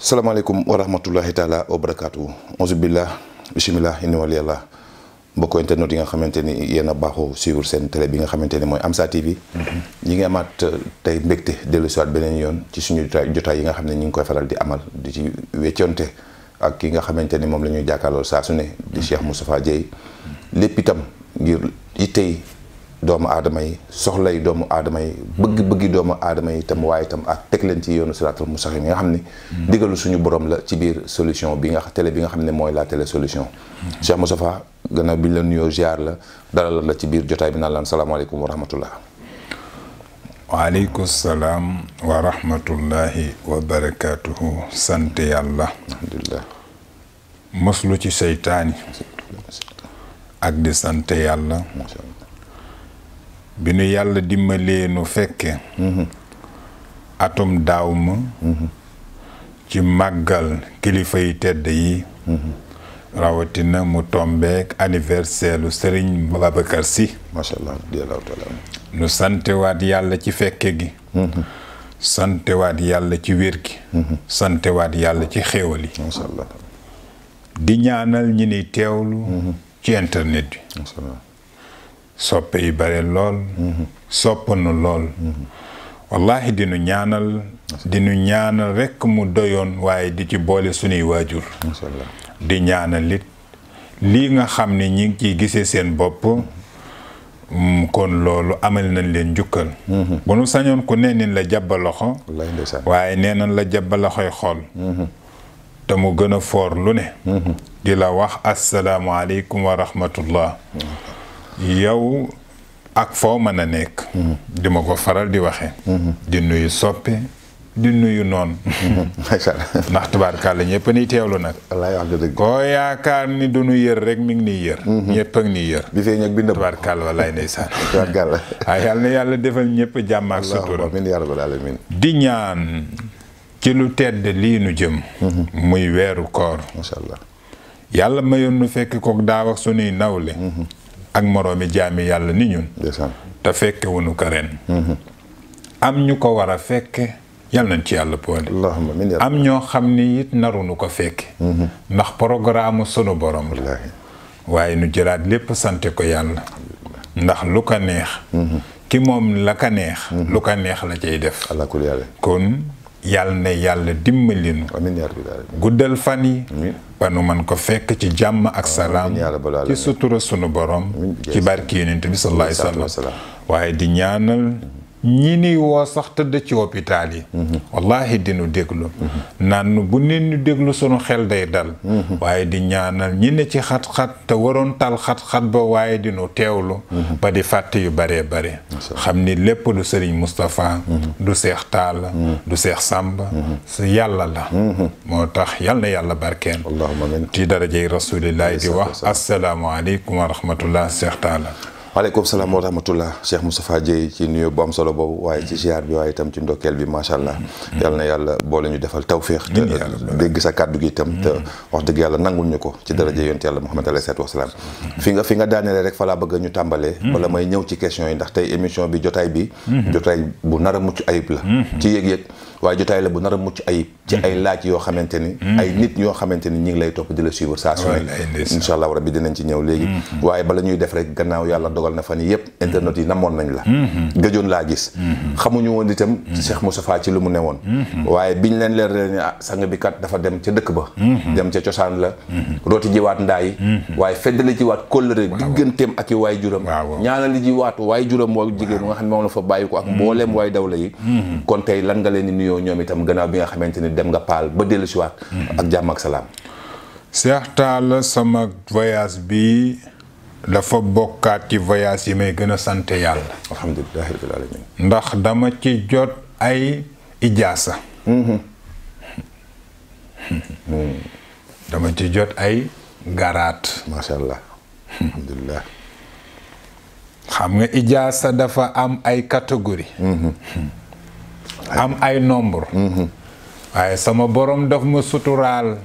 salaamaaleykum wa rahmatullahi taala wa barakaatu auzu billah bismillah inni wal yàlla mbokk internet yi nga xamante ni yéen a baaxoo suivre seen télé bi nga xamante ni mooy am Amsa TV mhm. ñi ngi amaat euh, tey mbégte dellu siwaat beneen yoon ci suñu jotaay yi nga xam ne ñi ngi koy faral di amal di ci wecconte ak ki nga xamante ni moom la ñuy jàkkaarloo saa su ne di mhm. Cheikh Moustapha Dieye lépp itam ngir tey doomu aadama yi soxlay doomu aadama yi bëgg-bëggi doomu aadama yi tam waaye itam ak teg leen ci yoonu siraatul mustaqim yi nga xam ne digalu suñu boroom la ci biir solution bi nga télé bi nga xam ne mooy la télé solution Cheikh Moustapha gannaaw bi ñu la nuyoo ziar la dalal la ci biir jotaay bi naan laan salaamaaleykum wa rahmatullah waaleykum salaam wa rahmatullahi wa barakaatuhu sant yàlla alhamdulilah moslu ci seytaani ak di sant yàlla bi nu yàlla dimbalee nu fekke mhm. atum daaw ma mhm. ci màggal kilifa yi tedd yi mhm. rawatina mu tombeek anniversaire lu Serigne Babacar Sy nu santewaat yàlla ci fekke gi santewaat yàlla ci wér gi santewaat yàlla ci xéewal di ñaanal ñi ni teewlu ci internet bi soppe yi bare lool mhm. soppanu lool mhm. wallahi dinu ñaanal dinu ñaanal rekk mu doyoon waaye di ci boole sunuy waajur di ñaanal it lii nga xam ni ñi ngi ciy gisee seen bopp mm, kon loolu amal nañ leen njukkal mhm. bu nu sañoon ku nee la jàbba loxo waaye nee nañ la jàbba loxoy xool te mu gën a foor lu ne di la wax asalaamualeykum wa rahmatullah yow ak foo mën a nekk mm-hmm. di ma ko faral di waxee mm-hmm. di nuyu soppe di nuyu noon mm-hmm. macha allah ndax tubaarkàlla ñëpp a niy teewlu nag koo yaakaar ni du nu yër rek mi ngi niy yër ñëpp a ngi niy yër bi feeñ ak bi nëbb tubaarkàlla wallaay waaye ah, yàlla na yàlla defal ñëpp jàmm ak sutura di ñaan ci lu tedd lii nu jëm muy weeru koor macha allah yàlla mayoon nu fekk kook daaw ak sunuy nawle ak moroomi jaami yàlla ni ñun te fekke wunu ko ren mhm. am ñu ko war a fekke yal nañ ci yàlla boole am ñoo xam ni it narunu ko fekke mhm. ndax programme sunu borom la waaye nu jëlaat lépp sante ko yàlla ndax lu ko neex mhm. ki moom la ka neex lu ko neex la cay def kon yàlla na yàlla dimbali nu guddal fan yi ba nu man ko fekk ci jàmm ak salaam ci sutura sunu borom ci barki yonent bi sallallahu alayhi wa sallam waaye di ñaanal ñi ni woo sax tëdd ci hôpital yi wallahi dinu déglu naan bu nit ñu déglu sunu xel day dal waaye di ñaanal ñi ci xat-xat te waroon tal xat-xat ba waaye dinu teewlu ba di fàtte yu baree bare xam ni lépp lu sëriñ Moustapha du seex Talla du seex Sàmba su yàlla la moo tax yal na yàlla barkeen ci darajey rasulillahi di wax asalaamualeykum wa rahmatullah seex Talla maaleykum salaam wa rahmatullah Cheikh Moustapha Dieye ci nuyu bu am solo boobu waaye ci ziar bi waaye itam ci ndokkeel bi macha allah. yal na yàlla boole ñu defal tawféex. te dégg sa kàddu gi itam. te wax dëgg yàlla nangul ñu ko. ci daraja yonent yàlla Muhammad alayhi salaatu wa salaam. fi nga fi nga daanelee rek fa laa bëgg ñu tàmbalee. wala may ñëw ci question yi ndax tey émission bi jotaay bi. Mhm. jotaay bu nar a mucc ayib la. Mhm. ci yëg-yëg. waaye jotaay la bu nar a mucc ayib ci ay mhm. laaj yoo xamante ni mhm. ay nit yoo xamante ni ñi ngi lay topp di la suivre saa su nekk incha allahu rabbi dinañ ci ñëw léegi mhm. waaye bala ñuy def rek gannaaw yàlla dogal na fan yëpp internet yi namoon nañ la gëjoon laa gis xamuñu woon itam Cheikh Moustapha ci lu mu ne woon waaye biñ leen leer leen ah sang bi kat dafa dem ca dëkk ba dem ca cosaan la rooti jiwaat ndaay waaye feddali jiwaat kóllëre digganteem ak i waay juram ñaanali jiwaat waay wa jigéen nga xam ne moom la fa bàyyi ko ak mbooleem waay dawla yi kon tey lan nga leen di nuyu nuyoo ñoom itam gannaaw bi nga xamante ni dem nga ba dellu siwaat ak jàmm ak sama voyage bi dafa bokkaat ci voyage yi may gën a sant yàlla alhamdulilah rabbil alamin ndax dama ci jot ay ijaasa mm-hmm. dama ci jot ay garaat macha allah alhamdulilah xam nga ijaasa dafa am ay catégorie mm-hmm. am ay nombre waaye sama borom daf ma suturaal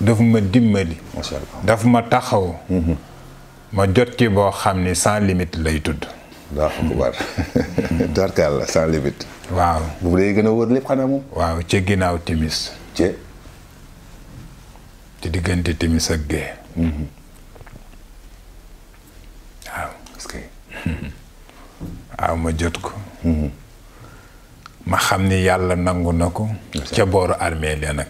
daf ma dimbali daf ma taxaw ma jot ci boo xam ni sans limite lay tudd waaw akubar tarkaal la sans limite waaw gën a waaw ci ginnaaw timis ci diggante timis ak gée mhm. waaw ma jot ko mhm. ma xam ni yàlla nangu na ko ca booru armée la nag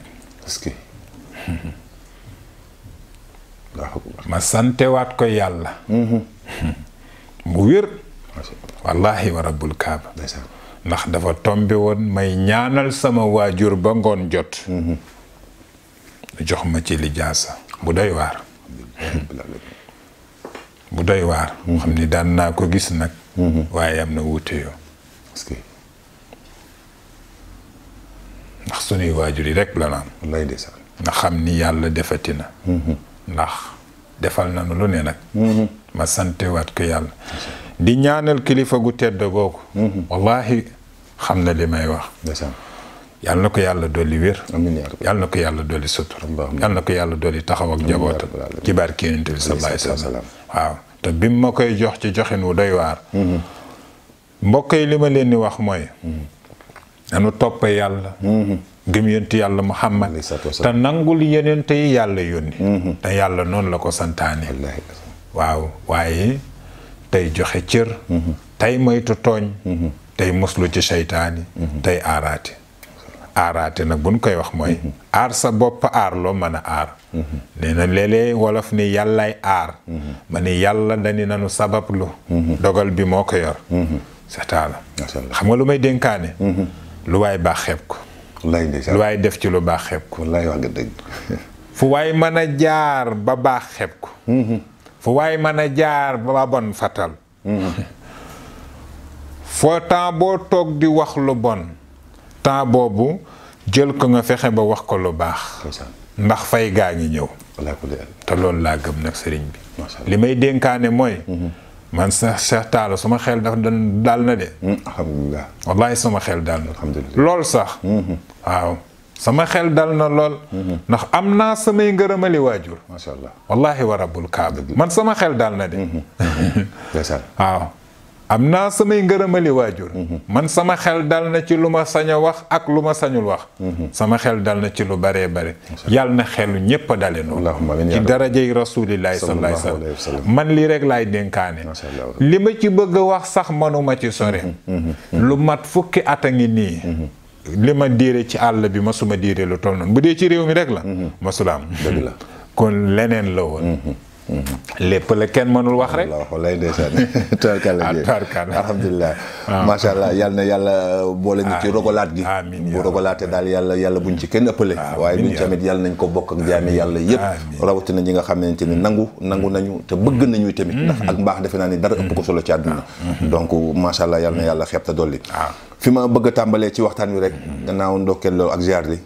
ma santewaat ko yàlla bu mm-hmm. wér wallahi wa rabbul kaaba ndax dafa tombi woon may ñaanal sama waajur ba ngoon jot mm-hmm. jox ma ci lijaasa bu doy waar bu doy waar mm-hmm. xam ni daan naa ko gis nag waaye am na wuute yoo ndax sunuy waajur yi rek la naan. nga xam ni yàlla defati na. Mm-hmm. ndax defal na nu lu ne nag. Mm-hmm. ma santewaat ko yàlla. di ñaanal kilifa gu tedd googu. Mm-hmm. wallahi xam na li may wax. ndeysaan. yàlla na ko yàlla dolli wér. amiin yàlla ko yàlla dolli sutur. yàlla ko yàlla dolli taxaw ak njabootam. ci barke Yonent bi sallallahu alayhi waaw te bi ma koy jox ci joxin wu doy waar. mbokk yi li ma leen di wax mooy. nanu topp yàlla mm-hmm. gëm yonent yàlla muhammad te nangul yonent yi yàlla yónni mm-hmm. te yàlla noonu la ko santaane waaw waaye tey joxe cër mm-hmm. tey moytu tooñ tey muslu ci seytaani tey aaraate aaraate nag buñ koy wax mooy aar sa bopp aar loo mën a aar nee na léeg wolof ni yàllaay aar ma ni yàlla dañu nanu sabablu dogal bi moo ko yor xam nga lu may dénkaane lu waaye baax xeeb ko. lu waaye def ci lu baax xeeb ko. wallaay wax nga dëgg. fu waaye mën a jaar ba baax xeeb ko. Mm-hmm. fu waay mën a jaar ba bon fatal. Mm-hmm. foo temps boo toog di wax lu bon. temps boobu jël ko nga fexe ba wax ko lu baax. ndax fay gaa ngi ñëw. te loolu laa gëm nag sëriñ bi. li may dénkaane mooy. Mm-hmm. man sax Cheikh Talla sama xel daf daal na de. Hmm, alhamdulilah. wallaahi sama xel daal na. lool sax. Hmm, hmm. waaw sama xel dal na lool. ndax am naa samay ngërëmali waajur. macha allah wallaahi wa rabbul kaaba man sama xel daal na de. waaw. am naa samay ngërëmali waajur mhm. man sama xel dal na ci lu ma sañ a wax ak lu ma sañul wax mhm. sama xel dal na ci lu baree bare yàlla na xelu ñépp a dale noonu ci darajay rasulillahi sallallahu alayhi wa sallam man lii rek laay dénkaane li ma ci bëgg a wax sax manuma ci sore mhm. lu mat fukki at a ngi nii li ma diire ci àll bi ma suma diire lu toll noonu bu dee ci réew mi rek la masula am kon leneen la woon Mm-hmm. lépp la kenn mënul wax rek. walaay ndeysaan tubarkalla alhamdulilah ah. macha allah yal na yàlla boole ñu ci rogolaat gi bu rogolaatee daal yàlla yàlla buñ ci kenn ëppale waaye buñ tamit yàlla nañ ko bokk ak jaami yàlla yëpp rawatina ñi nga xamante ni nangu nangu nañu te bëgg mm-hmm. nañuy tamit ndax ak mm-hmm. mbaax defe naa ni dara ëpp ko solo ci àdduna donc macha allah na yàlla xeeb te dolli ah. fi ma bëgg a tàmbalee ci waxtaan wi rek gannaaw ndokkeel loolu ak ziar bi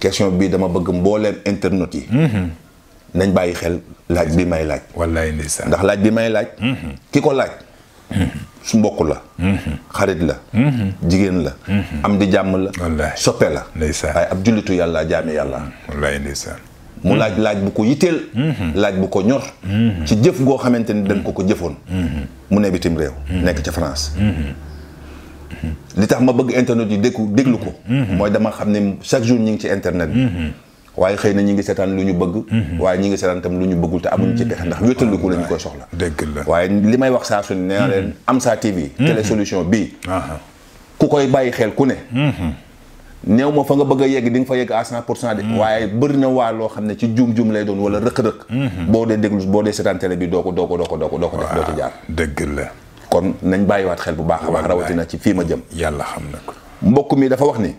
question bii dama bëgg mbooleem yi nañ bàyyi xel laaj bi may laaj. wallaay ndax laaj bi may laaj. Mhm. ki ko laaj. su mbokk la. Mhm. xarit la. Mhm. jigéen la. am di jàmm la. wallaay soppe la. ndeysaan waaye ab jullitu yàlla jaami yàlla. wallaay mu laaj laaj bu ko yitteel. laaj bu ko ñor. ci jëf goo xamante ni dañ ko ko jëfoon. mu ne bitim réew. nekk ca France. li tax ma bëgg internet yi déglu déglu ko. mooy dama xam ne chaque jour ñu ngi ci internet bi. waaye xëy na ñu ngi seetaan lu ñu bëgg mhm. waaye ñi ngi seetaan tam lu ñu bëggul te amuñu ci pexe ndax mhm. wéttaliku lañu koy soxla dëgg la waaye li may wax saa su leen mhm. Amsa TV télé solution bii ku koy bàyyi xel ku ne néew ma fa nga bëgg a yegg di nga fa yegg à cent pour cent de waaye bëri na waa loo xam ne ci juum-juum lay doon wala rëq-rëq boo dee déglu boo dee seetaan télé bi doo ko doo doo ko doo ko doo ko def doo la kon nañ bàyyiwaat xel bu baax a baax rawatina ci fii ma jëm yàlla xam na mbokk mi dafa wax ni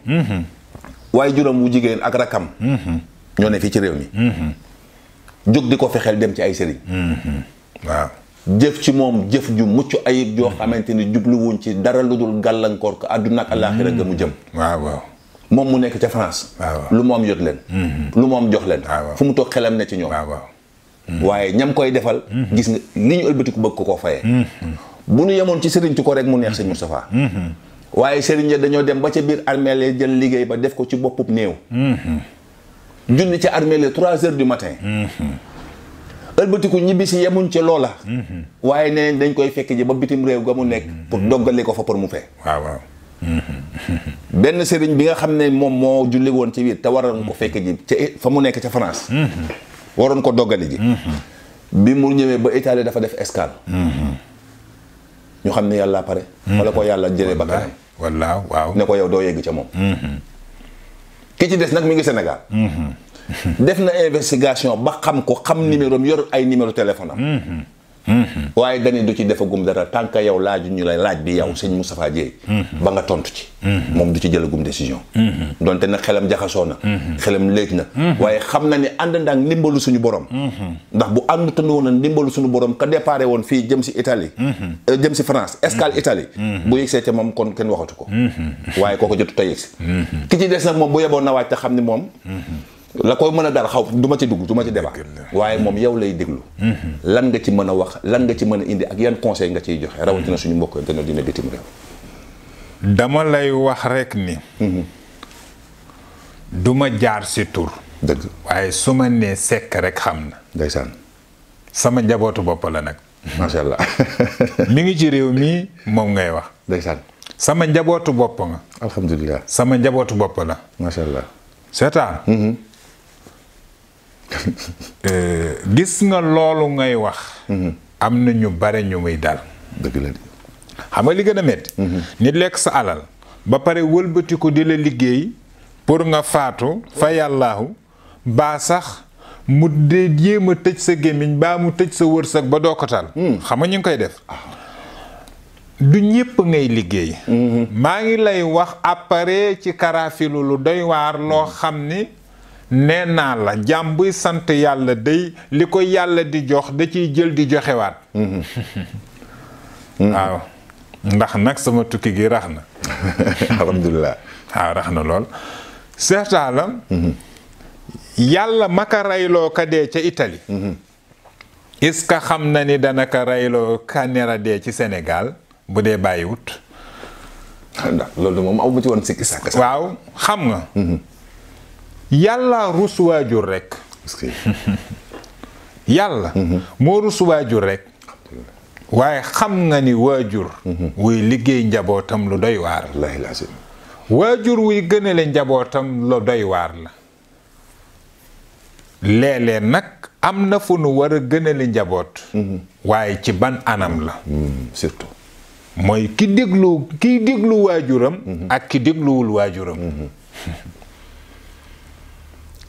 waaye juróom wu jigéen ak rakam. Mm-hmm. ñoo ne fii ci réew mi. Mm-hmm. jóg di ko fexeel dem ci ay sëriñ. Mm-hmm. jëf ci moom jëf ju mucc ayib joo xamante ni jubluwuñ ci dara lu dul gàllankoor ko àdduna ak àllaaxira ga mu jëm. waaw waaw. moom mu nekk ca France. lu moom yot leen. lu moom jox leen. fu mu toog xelam ne ci ñoom. waaye ñam koy defal. gis nga li ñu ëlbatiku bëgg ko koo fayee. bu nu yemoon ci sëriñ ci ko rek mu neex sëñ Moustapha. waaye sëriñ ya dañoo dem ba ca biir armeel ya jël liggéey ba def ko ci boppub néew mm-hmm. junni ca armeel ya trois heures du matin mm-hmm. ëlbatiku ñibbi si yemuñ ci loola mm-hmm. waaye ne dañ koy fekk ji ba bitim réew ga mu nekk pour doggale ko fa pour mu fee waaw waaw benn sëriñ bi nga xam ne moom moo julli woon ci wiir te waroon ko fekke ji ca fa mu nekk ca France waroon ko doggali ji bi mu ñëwee ba Italie dafa def escale ñu xam ne yàlla pare. wala hmm. ko yàlla jëlee ba kanam. wallaaw waaw ne ko yow doo yegg ca moom. Hmm. ki ci des nag mi ngi Sénégal. Hmm. def na investigation ba xam ko xam numéro yor ay numéro téléphone Mm-hmm. waaye dañu du ci defagum dara tant que yow laaju ñu la laaj bi yaw sëñ Moustapha Dieye mm-hmm. ba nga tontu ci mm-hmm. moom du ci jëlagum décision donte nag xelam jaxasoo na xelam léeg na waaye xam na ne ànd ndaak ndimbalu suñu borom ndax bu ànd tënd woon na ndimbalu suñu borom ka déparé woon fii jëm si Italie euh, jëm si France escale Italie bu yegsee ca moom kon kenn waxatu ko waaye kooko jotu ta yegsi ki ci des nag moom bu yeboon na waaj te xam ni moom la koy mën a dal xaw duma ci dugg du ma ci débat waaye moom yow lay déglu mm-hmm. lan nga ci mën a wax lan nga ci mën a indi ak yan conseil nga ciy joxe rawatina mm-hmm. suñu mbokk dina dina bitim réew dama lay wax rek ni mm-hmm. du ma jaar si tur dëgg waaye su ma nee sekk rek xam na ndeysaan sama njabootu bopp la nag macha allah mi ngi ci réew mii moom ngay wax ndeysaan sama njabootu bopp nga alhamdulilah sama njabootu bopp la macha seetaan Euh, gis nga loolu ngay wax. Mhm. am na ñu bare ñu muy dal. xam nga li gën a métti. Mhm. nit lekk sa alal ba pare wëlbatiku di la liggéey pour nga faatu fa yàllaahu baa sax mu dee jéem a tëj sa gémmiñ baa mu tëj sa wërsëg ba doo ko tal mhm. xam nga ñu ngi koy def. du ñëpp ngay liggéey. maa ngi lay wax après ci karaafilu lu doy waar loo xam ni. nee naa la jàmm buy sant yàlla day li ko yàlla di jox da ciy jël di joxewaat mm-hmm. waaw ndax nag sama tukki gi rax na alhamdulilah waaw rax na lool seetaalam mm-hmm. yàlla maka rayloo ka dee ca Italie mm-hmm. est-ce xam na ni dana ka rayloo ka nera dee ci Sénégal bu dee bàyyiwut loolu moom waaw xam nga yàlla rus waajur rek yàlla mhm. moo rus waajur rek waaye xam nga ni waajur mhm. wuy liggéey njabootam lu doy waar la waajur wuy gënale njabootam lu doy waar la léeg nag am na fu nu war a gënale njaboot mhm. waaye ci ban anam la mooy ki déglu kiy déglu waajuram ak ki dégluwul waajuram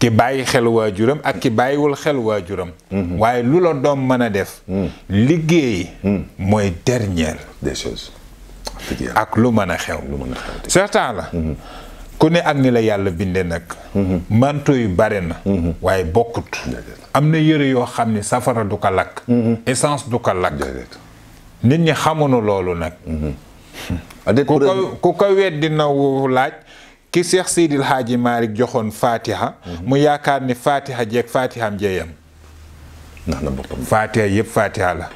ki bàyyi xel waajuram ak ki bàyyiwul xel waajuram mhm. waaye lu la doom mën a def mhm. liggéey mhm. mooy dernier ak lu mën a xew certain la ku ne ak ni la yàlla bindee nag manto yu bare na waaye bokkut am na yëre yoo xam ne safara du ko lakk essence du ko lakk nit ñi xamunu loolu nag ku ko ku ko weddi na laaj ki Seex Seydil Haaji Malick joxoon Fatiha. Mhm. mu yaakaar ne Fatiha jeeg Fatihaam jeeyam. ndax na boppam Fatiha yëpp Fatiha la.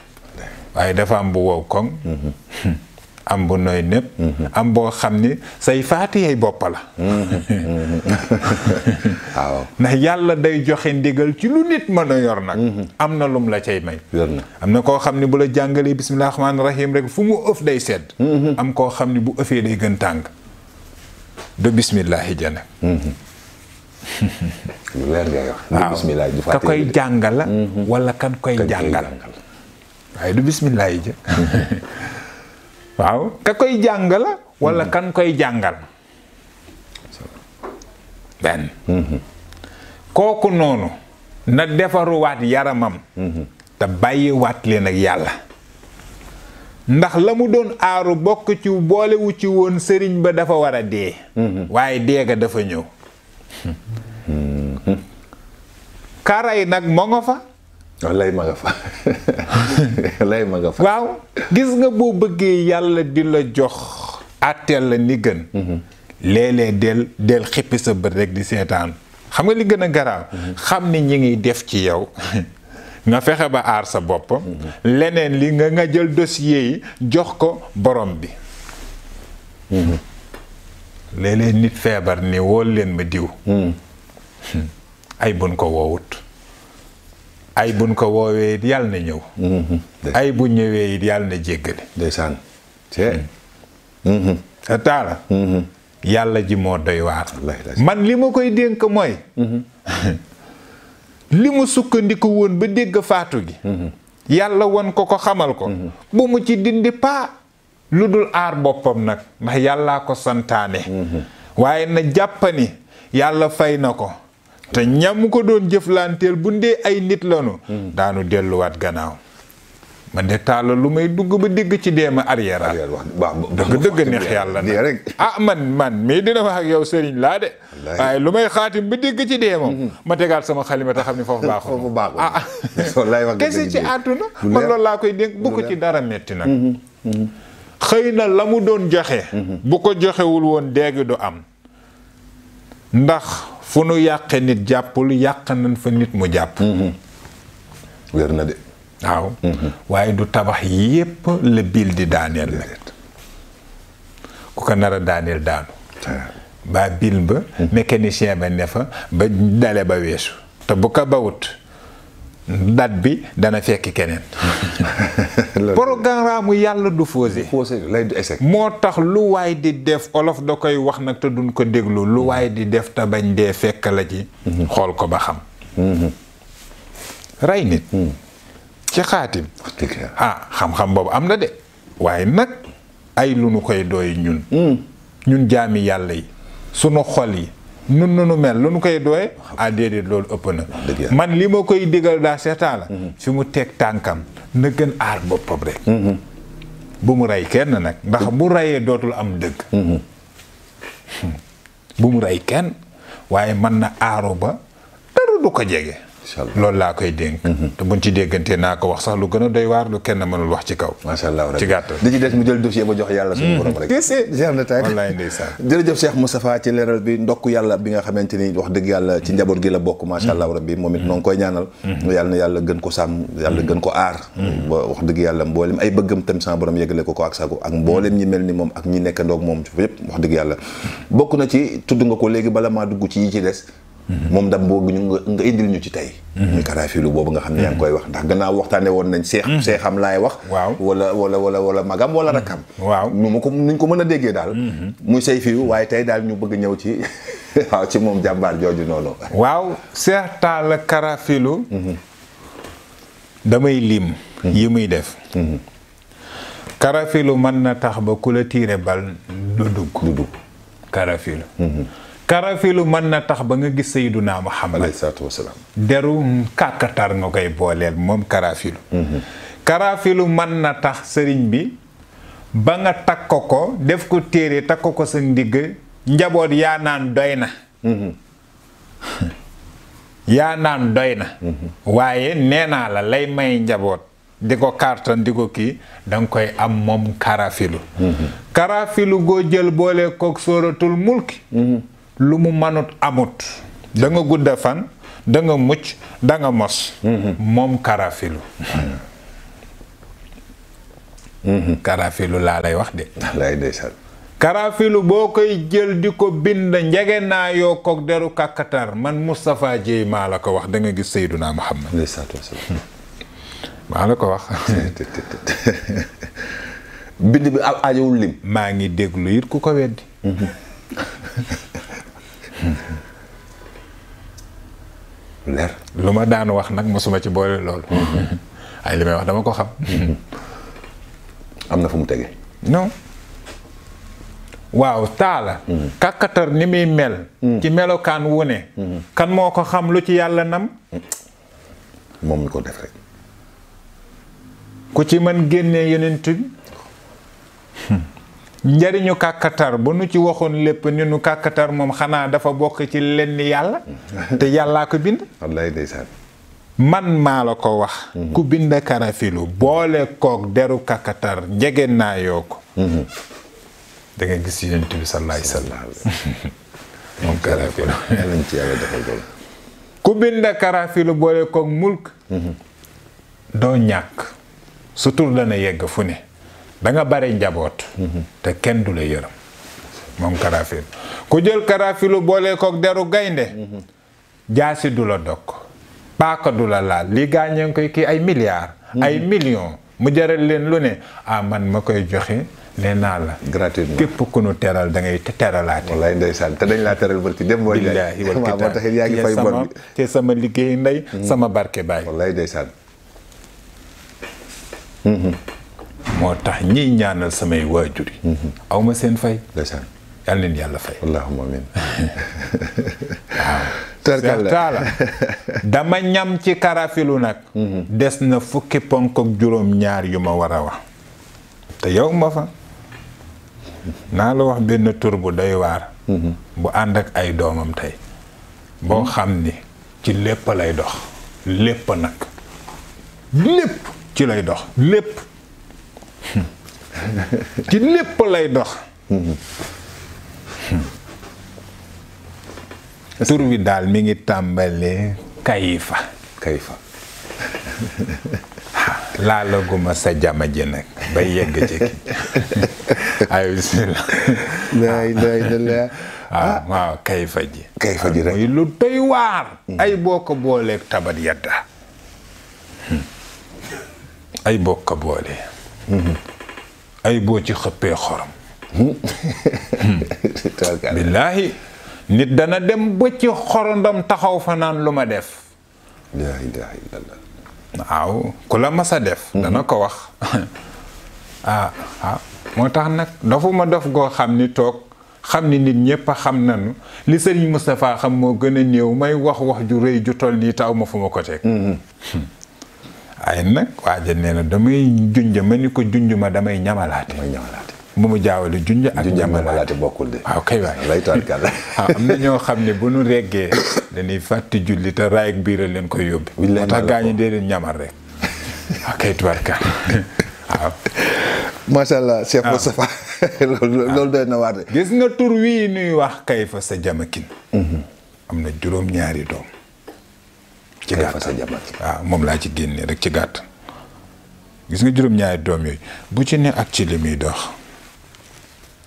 waaye dafa am bu wow koŋ. Mhm. am bu nooy népp mhm. am boo xam ni say faatiyay bopp la waaw ndax yàlla day joxe ndigal ci lu nit mën a yor nag am na lum la cay may am na koo xam ne bu la jàngalee bismillah rahmaani rahim rek fu mu ëf day sedd am koo xam ne bu ëfee day gën tàng do bismillahi jane mm-hmm. lu waaw ka koy jàngal wala mm-hmm. kan koy jàngal waaye du bismillahi ja waaw ka koy jàngal walla kan koy jàngal benn kooku noonu na defaruwaat yaramam mm-hmm. te bàyyiwaat leen ak yàlla ndax la mu doon aaru bokk ci boolewu ci woon sëriñ ba dafa war a dee mhm. waaye deega dafa ñëw karay nag moo nga fa lay ma fa lay ma waaw gis nga boo bëggee yàlla di la jox àtteel la ni gën mhm. léeg-léeg del del xippi sa bët rek di seetaan xam nga li gën a garaaw mhm. xam ni ñu ngi def ci yow nga fexe ba aar sa bopp leneen li nga nga jël dossier jox ko borom bi léeg-léeg nit feebar ni woo leen ma diw ay buñ ko woowut ay buñ ko woowee it yàlla na ñëw ay bu ñëwee it yàlla na jéggale ndeysaan sa mm-hmm. taala mm-hmm. yàlla ji moo doy waar man li ma koy dénk mooy mm-hmm. li mu sukkandiku woon ba dégg faatu gi yàlla won ko ko xamal ko bu mu ci dindi paa lu dul aar boppam nag ndax yàllaa ko santaane waaye na jàppani yàlla fay na ko te ñam ko doon jëflanteel bu ndee ay nit lanu daanu delluwaat gannaaw man de taala lu may dugg ba digg ci deema arrière waaw dëgg dëgg neex yàlla na ah man man mii dina wax ak yow sëriñ laa de waaye lu may xaatim ba digg ci deemam mm-hmm. ma tegaat sama xalime ta xam ne foofu baaxul foofu baaxul ah, ah. kese ci àdduna man loolu laa koy dénk bu ko ci dara metti nag mm-hmm. Mm-hmm. xëy na la mu doon joxe bu ko joxewul woon déegi du am ndax fu nu yàqe nit jàppul yàq nañ fa nit mu jàpp na de waaw waaye du tabax yépp la bill di daaneel ku ko nar a daaneel daanu ah. baa bill ba mécanicien ba ne fa ba dale ba weesu te bu ko bawut dat bi dana fekk keneen programme yàlla du fausé moo tax lu waay di def olof da koy wax nag te duñ ko déglu lu waaye di def te bañ dee fekk la ci mm-hmm. xool ko ba xam mm-hmm. rey nit mm. ci xaatim ah xam-xam boobu am na de waaye nag ay lu nu koy dooy ñun hmm. ñun jaami yàlla yi nu xol yi nun nunu mel lu nu koy dooy ah déedéet loolu ëpp na man li ma koy digal daa seetaan la hmm. fi mu teg tànkam na gën aar boppam rek hmm. bu mu rey kenn nag ndax bu reyee dootul am dëgg bu mu rey kenn waaye mën na aaro ba dara du ko jege loolu laa koy dénk mhm. te buñ ci déggantee naa ko wax sax lu gën a doy waar lu kenn mënul wax ci kaw macha allah ci gàttal di ci des mu jël dossier ba jox yàlla suñu mhm. borom rek kese jeex na tàkk wallaay ndeysaan jërëjëf Cheikh Moustapha ci leeral bi ndokk yàlla bi nga xamante ni wax dëgg yàlla ci njaboot gi la bokk macha allah bi mhm. moom it noo ngi koy ñaanal yàlla na yàlla gën ko sàmm yàlla gën ko aar ba wax dëgg yàlla mboolem ay bëggam tam sama borom yëgale ko ko ak sago ak mboolem ñi mel ni moom ak ñi nekk ndoog moom yëpp wax dëgg yàlla bokk na ci tudd nga léegi bala maa dugg ci yi ci des moom ndam boobu ñu nga indil ñu ci tey muy boobu nga xam ne ñaa ngi koy wax ndax gannaaw waxtaane woon nañ seex mm-hmm. seexam laay wax waaw wala wala wala wala magam wala mm-hmm. rakkam waaw nu ma ko nuñ ko mën a déggee daal mm-hmm. muy say fiyu waaye tey daal ñu bëgg ñëw ci waaw ci moom jàmbaar jooju noonu waaw seex taal karaafilu damay lim yi muy def karafilu mën na tax ba ku la tiire bal du dugg du dugg karafilu karafilu mën na tax ba nga gis sayyiduna Muhammad alayhi salaatu wasalaam deru kàkkatar nga koy booleel moom karafilu mm-hmm. karafilu mën na tax sëriñ bi ba nga takk ko def ko téere takk ko sa ndigg njaboot yaa naan doy na mm-hmm. yaa naan doy na mm-hmm. waaye nee naa la lay may njaboot di ko kartan di ko kii danga koy am moom karafilu karafilu goo jël boole kook sóoratul mulki lu mu manut amut da nga gudda fan da mucc da mos moom karafilu mm-hmm. karafilu laa lay wax de lay ndeysaan karafilu boo koy jël di ko bind njege naa yoo koog deru kàkkatar man Moustapha Dieye maa la ko wax danga gis Seydunaa Muhammad maa la ko wax bind bi ajowul lim maa ngi déglu it ku ko weddi mm-hmm. leer lu ma daan wax nag mosuma ci boole loolu. ay li may wax dama ko xam. am na fu mu tege. non waaw taala. Mm-hmm. kàkkatar ni muy mel. Mm-hmm. ci melokaan wu ne. Mm-hmm. kan moo ko xam lu ci yàlla nam. moom mi ko def rek. ku ci mën génnee yonent bi hmm. njariñu kàkkatar ba nu ci waxoon lépp ni nu kàkkatar moom xanaa dafa bokk ci lenn yàlla mm-hmm. te yàllaa ko bind wallaay ndeysaan man maa la ko wax mm-hmm. ku bind karafilu boole koog deru kàkkatar ko mm-hmm. da nga gis yonent bi mulk doo ñàkk sutur dana yegg fu ne da nga bare njaboot. te kenn du la yërëm moom karafil ku jël karafilu boole kook deru gaynde. jaasi du la dokk paaka du la laal li gaañee koy kii ay milliards. ay millions mu jaral leen lu ne ah man ma koy joxe. nee naa la gratuitement képp ku nu teral da ngay teralaate. te dañ laa teral barki dem mooy. billaahi sama liggéey ndey. Mm-hmm. sama barke baay. wallaay ndeysaan. Mm-hmm. moo tax ñi ñaanal samay waajur yi mhm. seen fay ndeysaan yal yàlla fay allahumma waaw Seex Taala dama ñam ci karafilu nag mhm. des na fukki ponk juróom ñaar yu ma war a wax te yow ma fa naa la wax benn tur bu doy waar mhm. bu ànd ak ay doomam tey boo xam ni ci lépp lay dox lépp nag lépp ci lay dox lépp ci lépp lay dox tur wi daal mi ngi tàmbalee kayifa kayifa laalaguma sa jama ji nag ba yegg ci ki ay bismillah laay laay laay ah. waaw kayifa ji kayifa ji rek muy lu doy waar hmm. ay boo ko booleeg tabat yadda hmm. ay boo ko boolee Mm-hmm. ay boo ci xëppee xorom hmm. billaahi nit dana dem ba ci xorondom taxaw fanaan lu ma def laa ilaaha waaw ku la mas a def mm-hmm. dana ko wax ah, ah moo tax nag dafa ma def goo xam ni toog xam ni nit ñépp a xam nanu li sëriñ Moustapha xam moo gën a néew may wax wax ju rëy ju toll nii taw ma fu ma ko teg mm-hmm. hmm. ay nag waaja nee na damay junj ma ni ko junj ma damay ñamalaate damay ñamalaate bu mu jaawale junj ak ñamalaate bokkul de waaw kay waay lay tarkal ñoo xam ne bu nu reggee dañuy fàtte julli te raay ak biira leen ko yóbbi moo tax gaa ñi dee leen ñamal rek waaw kay tubarkal waaw macha allah Cheikh ah. Moustapha ah. loolu doy na waar gis nga tur wii nuy wax kay fa sa jamakin mhm. am na juróom-ñaari doom ci gàtt waaw ah, moom laa ci génnee rek ci gàtt gis nga juróom-ñaari doom yooyu bu ci ne ak ci li muy dox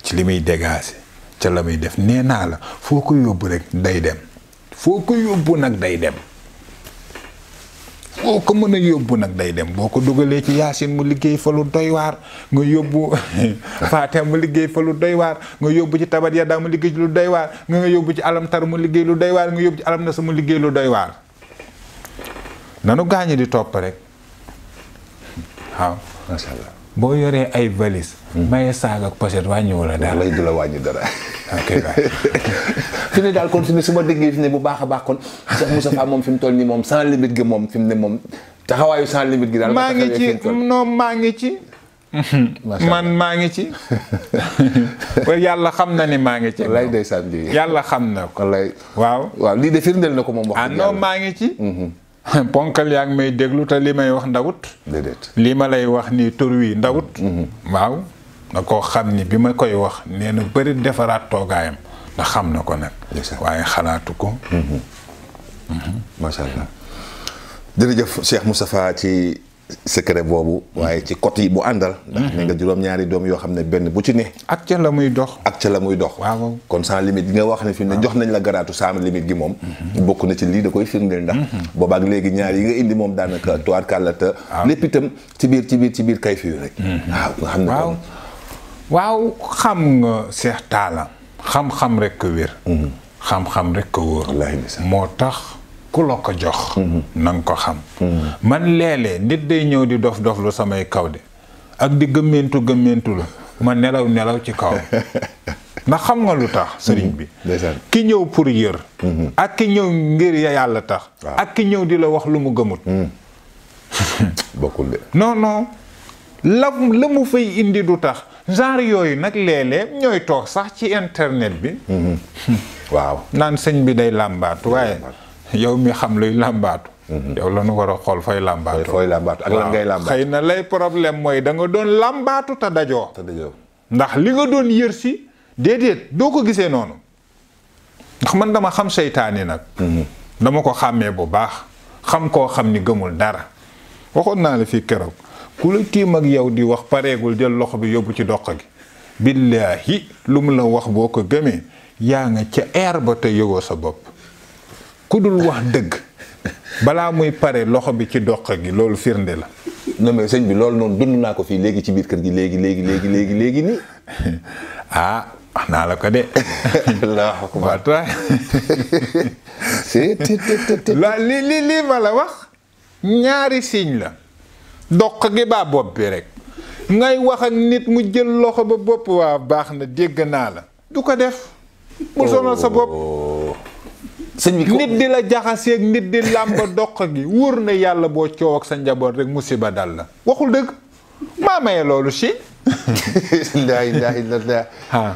ci li muy dégaase ca la muy def nee naa la foo ko yóbbu rek day dem foo ko yóbbu nag day dem foo ko mën yóbbu nag day dem boo ko dugalee ci yaasin mu liggéey fa lu doy waar nga yóbbu faate mu liggéey fa lu doy waar nga yóbbu ci tabat yaddaa mu liggéey lu doy waar nga nga yóbbu ci alam tar mu liggéey lu doy waar nga yóbbu ci alam nasa mu liggéey lu doy waar nanu gaañi di topp rek waaw macha allah boo yoree ay valis hmm. maye saag ak pochette wàññiwul la dara lay du la wàññi dara ok fi ne daal kon fi ne su ma déggee fi ne bu baax a baax kon Cheikh Moustapha moom fi mu toll nii moom sans limite gi moom fi mu ne moom taxawaayu sans limite gi daal maa ngi ci noom maa ngi ci man maa ngi ci yàlla xam na ni maa ngi ci lay day sànni yàlla xam na ko lay waaw lii de firndeel na ko moom wax ah non maa ngi ci mm-hmm. ponkal yaa ngi may déglu te li may wax ndawut lii ma lay wax nii tur wi ndawut mm-hmm. waaw na koo xam ni bi ma koy wax nee na bëri defaraat toogaayam ndax xam na ko nag waaye xalaatu ko mm-hmm. mm-hmm. macha allah jërëjëf ci secret boobu. waaye ci côté yi bu àndal. ndax ne nga juróom-ñaari doom yoo xam ne benn bu ci ne. ak ca la muy dox. ak ca la muy dox. kon sans limite yi nga wax ne fii mu ne jox nañ la garaatu sans limite gi moom. bokk na ci lii da koy firndeel ndax. boobaak léegi ñaar yi nga indi moom daanaka tuwaat kàllata. waaw lépp itam ci biir ci biir ci biir kay fi rek. Mhm. waaw nga xam ne waaw waaw xam nga Seex Taala. xam rek ko wér. Mhm. xam-xam rek ko wóor. moo tax. ku la ko jox mhm. na nga ko xam mhm. man léeg-léeg nit day ñëw di dof dof lu samay kaw de ak di gëmmentu gëmmentu la ma nelaw nelaw ci kaw ndax xam lu tax sëriñ bi mhm. ki ñëw pour ñëw ngir yàlla tax ak ñëw di la wax lu mu gëmut bokkul de non la mu fay indi du tax genre yooyu nag léeg ñooy toog sax ci internet bi waaw naan sëñ bi day làmbaatu waaye yow mi xam luy làmbaatu mhm. yow la war a xool fooy làmbaatu fooy làmbaatu ak lan ngay làmbaatu na lay problème mooy da nga doon làmbaatu te dajoo te ndax li nga doon yër si déedéet doo ko gisee noonu ndax man dama xam seytaane nag mhm. dama ko xàmmee bu baax xam koo xam ni gëmul dara waxoon naa la fii keroog ku la tiim ak yow di wax pareegul jël loxo bi yóbbu ci doq gi billaahi lu mu la wax boo ko gëmee yaa nga ca air ba te yëgoo sa bopp ku dul wax dëgg balaa muy pare loxo bi ci doq gi loolu firnde la. non mais sëñ bi loolu noonu dund naa ko fii léegi ci biir kër gi léegi léegi léegi léegi léegi nii. ah naa la ko de. la li lii ma la wax ñaari signe la. doq gi baa bopp bi rek. ngay wax ak nit mu jël loxo ba bopp waa baax na dégg naa la. du ko def. mu sonal sa bopp. Oh. sëñ bi nit di la jaxaseeg nit di làmb doq gi wóor na yàlla boo coow ak sa njaboot rek musiba dal la waxul dëgg maa loolu si. laa ilaaha illallaah. ah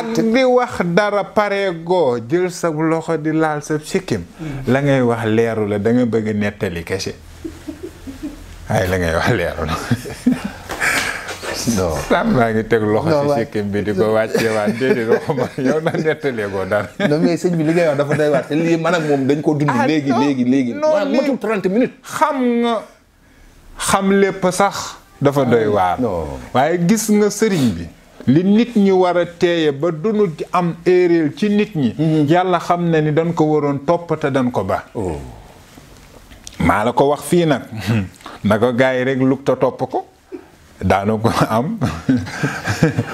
ak di wax dara pare goo jël sa loxo di laal sa sikkim. la ngay wax leeru la da nga bëgg nettali kese. ay la ngay wax leeru la. non maa ngi teg loxo si sikkim bi di ko wàccee waat déedéet waxuma yow na nettalee ko dara. non mais sëñ bi li ngay wax dafa doy waat te lii man ak moom dañ ko dund. léegi léegi léegi. non lii matul xam nga xam lépp sax. dafa doy waar. waaye gis nga sëriñ bi. li nit ñi war a teeye ba dunu am éeréel ci nit ñi. Mhm. yàlla xam na ni dañ ko waroon topp te dañ ko ba. Oh. maa la ko wax fii nag. na ko gars yi rek topp ko. daanoo ko am. Ah.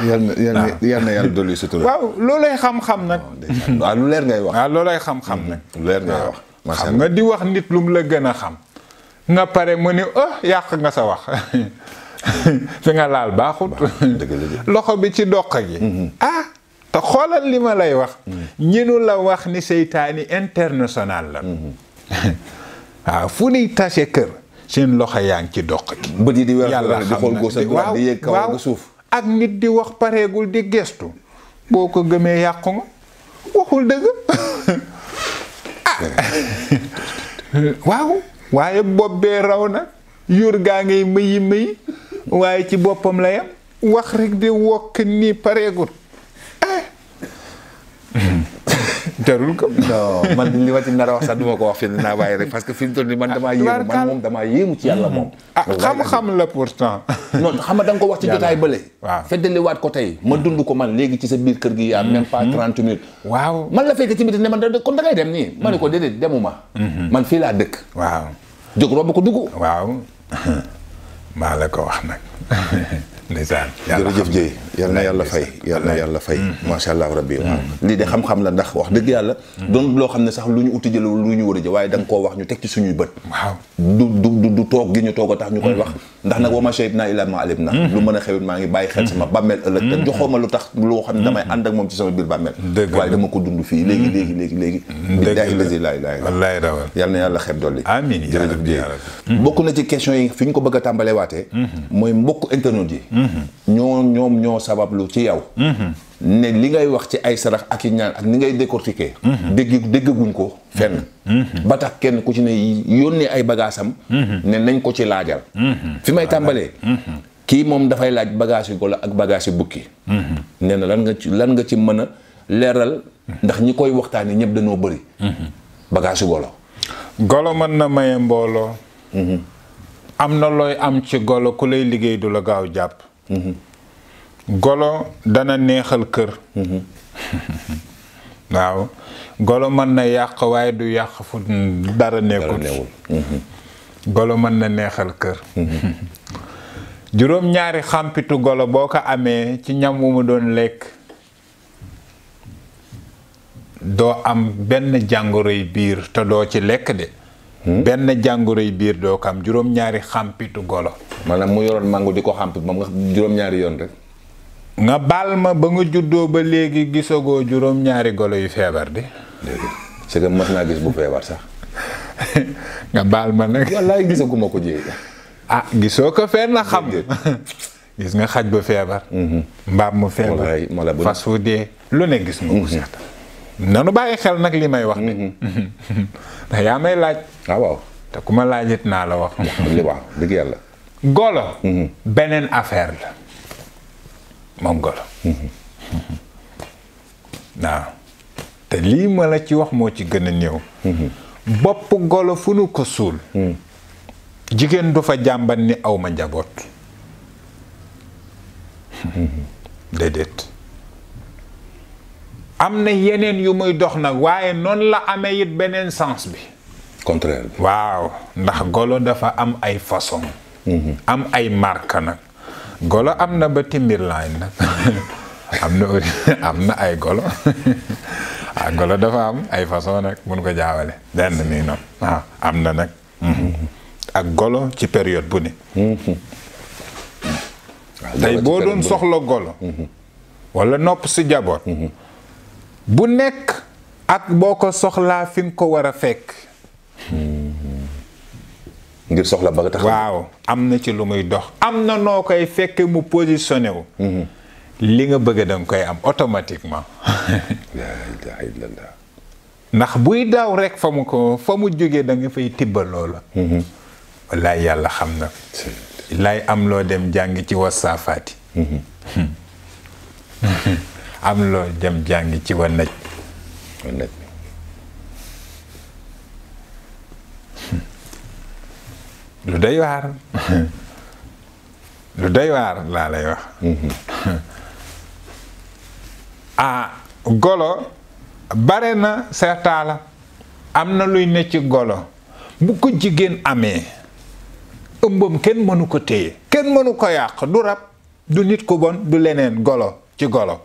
yal na yàlla dolli sutura. waaw loolay xam-xam nag. waaw oh, ah, lu leer ngay wax. waaw ah, loolay xam-xam mm-hmm. nag. lu leer ngay wax. nga di wax nit lu mu la gën a xam. nga pare mu ni oh yàq nga sa wax. fi nga laal baaxut. loxo bi ci doq gi. Mm-hmm. ah te xoolal li ma lay wax. Mm-hmm. ñinu la wax ni seytaani international la. waaw fu ñuy tase kër. seen loxo yaa ngi ci doq gi. bët yi di weer waaw suuf. ak nit di wax pareegul di gestu boo ko gëmee yàqu nga waxul dëgg ah. waaw waaye bopp raw na yur gaa ngay mëyi mëyi waaye ci boppam la wax rekk di wokk ni pareegul eh. terul ko non man li ma a ma ko wax nii man damaa mm-hmm. ah, la da mm-hmm. da kon da ngay dem nii mm-hmm. man fii laa dëkk jóg romb ko dugg waaw maa la ko wax nag ndeysaan jërëjëf Dieye yal na yàlla fay yal na yàlla fay mm-hmm. macha allah rabbi waaw mm-hmm. la ndax mm-hmm. loo xam ne sax lu ñu uti a jël waaye da nga koo wax ñu teg ci suñuy bët waaw du du du toog a tax ñu koy wax ndax nag ma shahid naa illaa ma alim a ma lu tax loo xam ne damay ànd ak moom ci sama biir bàmmeel waaye dama ko dund fii léegi léegi léegi léegi billaahi lazi laa ilaaha illaa yal na yàlla xeeb dolli amiin bokk na ci question yi fi ñu ko bëgg a tàmbalewaatee mooy mbokk internet yi Mm-hmm. ñoo ñoom ñoo sabablu ci yow. Mm-hmm. ne li ngay wax ci ay sarax ak i ñaan ak ni ngay décortiquer. Mm-hmm. dégg déggaguñ ko fenn. ba tax kenn ku ci ne yónnee ay bagaasam ne nañ ko ci laajal. fi may tàmbalee. kii moom dafay laaj bagage yu golo ak bagage yu bukki. nee na lan nga ci lan nga ci mën a leeral. ndax ñi koy waxtaanee ñëpp dañoo bëri. bagage yu golo. golo mën na maye mbooloo. am na looy am ci golo ku lay liggéey du la gaaw jàpp. golo dana neexal kër waaw golo mën na yàq waaye du yàq fu dara nekkul golo mën na neexal kër juróom ñaari xampitu golo boo ko amee ci ñam wu mu doon lekk doo am benn jàngoroy biir te doo ci lekk de benn jàngoroy biir doo ko am juróom-ñaari xampitu golo. maanaam mu yoroon màngu di ko xampit moom nga juróom-ñaari yoon rek. nga baal ma ba nga juddoo ba léegi gisagoo juróom-ñaari golo yu feebar de c'est que naa gis bu feebar sax. nga baal ma nag. wallaay gisaguma ko jéeg. ah gisoo ko fenn xam gis nga xaj ba feebar. Mm-hmm. mbaam mu feebar fas fu dee. lu ne gis nga ko. Mm-hmm. nanu bàyyi xel nag li may wax. Mm-hmm. ndax yaa may laaj. Ah, te ku ma laajit naa la wax. yàlla. golo. Mm-hmm. beneen affaire la moom golo. Mm-hmm. waaw te lii ma la ci wax moo ci gën a néew. Mm-hmm. bopp golo fu nu ko suul. Mm. jigéen du fa jàmbat ni aw ma njaboot. déedéet. am na yeneen yu muy dox nag waaye noonu la amee it beneen sens bi contraire waaw ndax golo dafa am ay façon mm-hmm. am ay marque nag golo am na ba Timberline nag am na na ay golo ah golo dafa am ay façon nag mun ko jaawale benn nii noonu waaw ah, am na nag mm-hmm. Mm-hmm. ak golo ci période bu ne tey boo doon soxla golo wala nopp si jaboot bu nekk ak boo ko soxlaa fi nga ko war a fekk. ngir soxla ba tax waaw am na ci lu muy dox. am na noo koy fekk mu positionné wu. Mhm. li nga bëgg danga koy am automatiquement. ndax buy daaw rek fa mu ko fa mu jógee da fay tibba loola. Mhm. wallaay yàlla xam na. lay am loo dem jàng ci wasaafaati. Mhm. Hmm. am loo jëm jàngi ci wa naj wa naj hmm. lu doy waar lu doy waar laa lay wax mm-hmm. ah golo bare na seetaala am na luy ne ci golo bu ko jigéen amee ëmbam kenn mënu ko téye kenn mënu ko yàq du rab du nit ku bon du leneen golo ci golo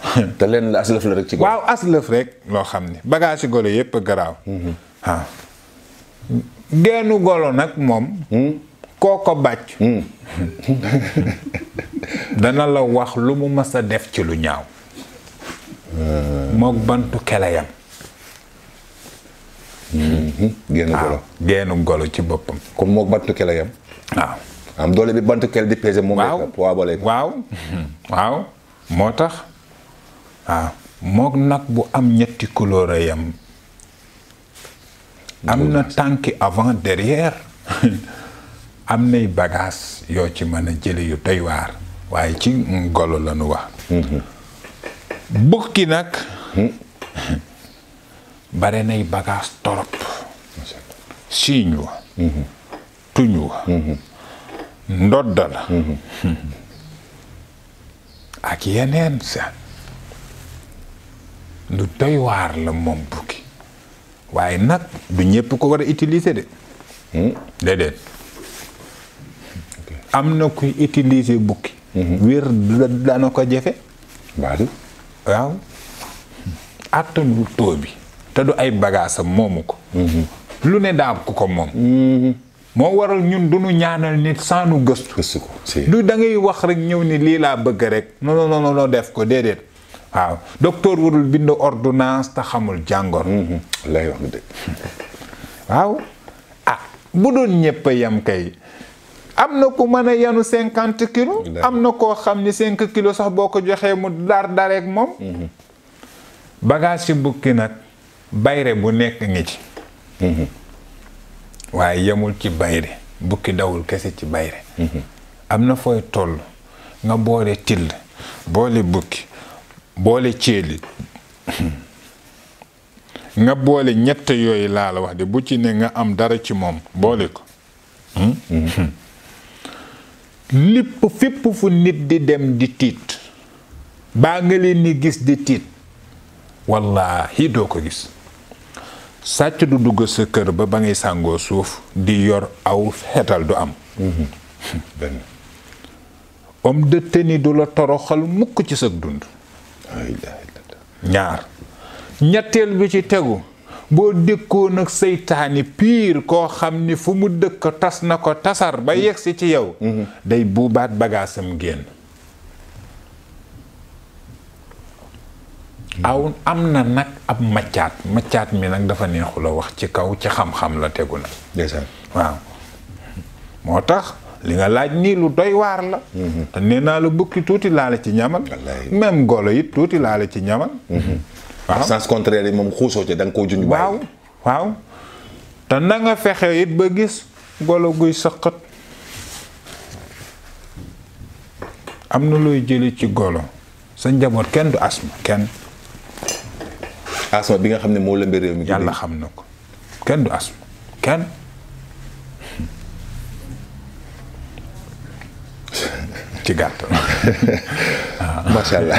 te leen la as la rek ci gone waaw as rek loo xam ne bagage golo yëpp garaaw waaw mhm. geenu golo nag moom hmm? koo ko bàcc hmm. dana la wax lu mu mës a def ci lu ñaaw hmm. mook bantu keleyam mhm. génn golo ah, golo ci boppam kon mook bantu ah. doole bi bantu kele di waaw mhm. waaw moo tax waaw ah, mook nag bu am ñetti couleur yam am na tànki avant derrière am nay bagaas yoo ci mën a jële yu doy waaye ci golo la ñu wax mhm. bukki nag hmm. bare nay bagage torop siiñ wa mhm. tuñ wa mhm. ndodda la ak yeneen sax lu doy waar la moom bukki waaye nag du ñëpp ko war a utilise de hmm? déedéet am na kuy utilise bukki mhm. wér dana ko jafe baadu waaw àttanul too bi te du ay bagaasam moomu ko mhm. lu ne daa ku ko moom mhm. moo waral ñun du ñu ñaanal nit saanu gëstu gëstu ko du da ngay wax rek ñëw ni lii laa bëgg rek non non non def ko déedéet waaw docteur warul bind ordonnance te xamul jàngoor. Mm-hmm. waaw ah bu doon ñëpp a kay. am na ku mën a yanu cinquante kilos. am na koo xam ni cinq kilos sax boo ko joxee mu dar dareeg moom. Mm ci bukki nag bayre bu nekk ngi ci. Mm-hmm. waaye yemul ci bayre bukki dawul kese ci bayre am na fooy toll nga boole till boole bukki boole céeli nga boole ñett yooyu laa wax de bu ci ne nga am dara ci moom boole ko hmm? Hmm. lépp fépp fu nit di dem di tiit baa nga leen gis di tiit wallaahi doo ko gis sàcc du dugg sa kër ba ba ngay sàngoo suuf di yor aw xetal du am hmm. homme de tenue du la toroxal mukk ci sag dund ñaar ñetteel bi ci tegu boo dëkkoon ak seytaani piir koo xam ni fu mu dëkk tas na ko tasar ba mm-hmm. yegsi ci yow mm-hmm. day buubaat bagaasam génn mm-hmm. aw am na nag ab maccaat maccaat mi nag dafa neexula wax ci kaw ci xam-xam la tegu nag moo tax li nga laaj nii lu doy waar la mhm. te nee naa la bukki tuuti laa la ci ñamal même golo yit tuuti laa la ci ñamal mhm. waaw sens contraire yi moom xuusoo ci danga koo junj waaw waaw te nanga nga fexe it ba gis golo guy sëqat am na looy jëli ci golo sa njaboot kenn du asma kenn asma bi nga xam ne moo lëmbe réew mi yàlla xam na ko kenn du asma kenn ci gàttal. Ah. macha allah.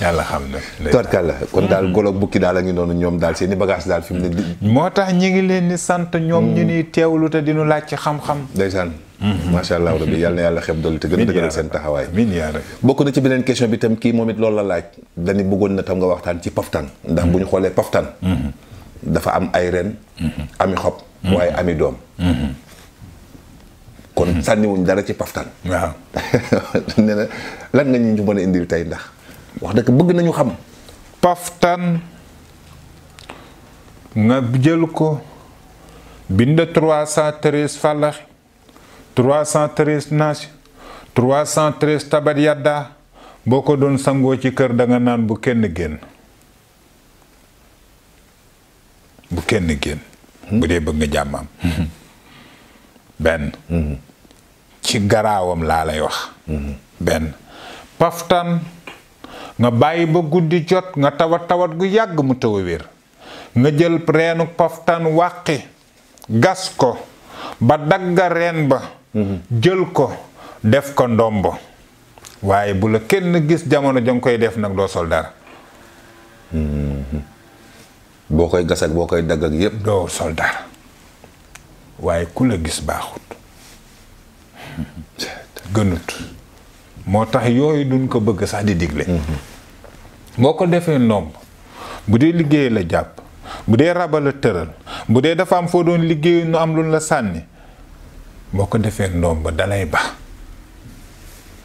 yàlla xam na. tubarkàlla kon daal mm-hmm. golo bukki daal a ngi noonu ñoom daal seen i bagage daal fi mu ne. Mm-hmm. moo tax ñi ngi leen di sant ñoom ñu mm-hmm. ni teewlu te dinu laaj ci xam-xam. ndeysaan. macha allah rabbi yàlla na yàlla xeb doolu te gën a dëgëral seen taxawaay bokk na ci beneen question bi tam kii moom it loolu la laaj dañu bëggoon na tam nga waxtaan ci paftan ndax bu ñu xoolee paftan dafa am ay ren ami xob waaye ami doom kon sànniwuñ dara ci paftan waaw nee lan nga ñu mën a indil tey ndax wax dëgg bëgg nañu xam paftan nga jël ko bind 313 falax 313 naas 313 tabat yadda boo ko doon sangoo ci kër da nga naan bu kenn génn bu kenn génn hmm? bu dee bëgg nga jàmmaam hmm. benn mm-hmm. ci garaawam laa lay wax mm-hmm. benn paftan nga bàyyi ba guddi jot nga tawat tawat gu yàgg mu taw a nga jël reenu paftan wàqi gas ko ba dagga reen ba mm-hmm. jël ko def ko ndombo waaye bu la kenn gis jamono ja nga koy def nag doo sol boo koy gas boo koy dagg ak yépp doo sol waaye ku la gis baaxut gënut moo tax yooyu duñ ko bëgg sax di digle boo ko defee ndomb bu dee liggéey la jàpp bu dee rabal la tëral bu dee dafa am foo doon liggéey nu am lu la sànni boo ko defee ndomb dalay ba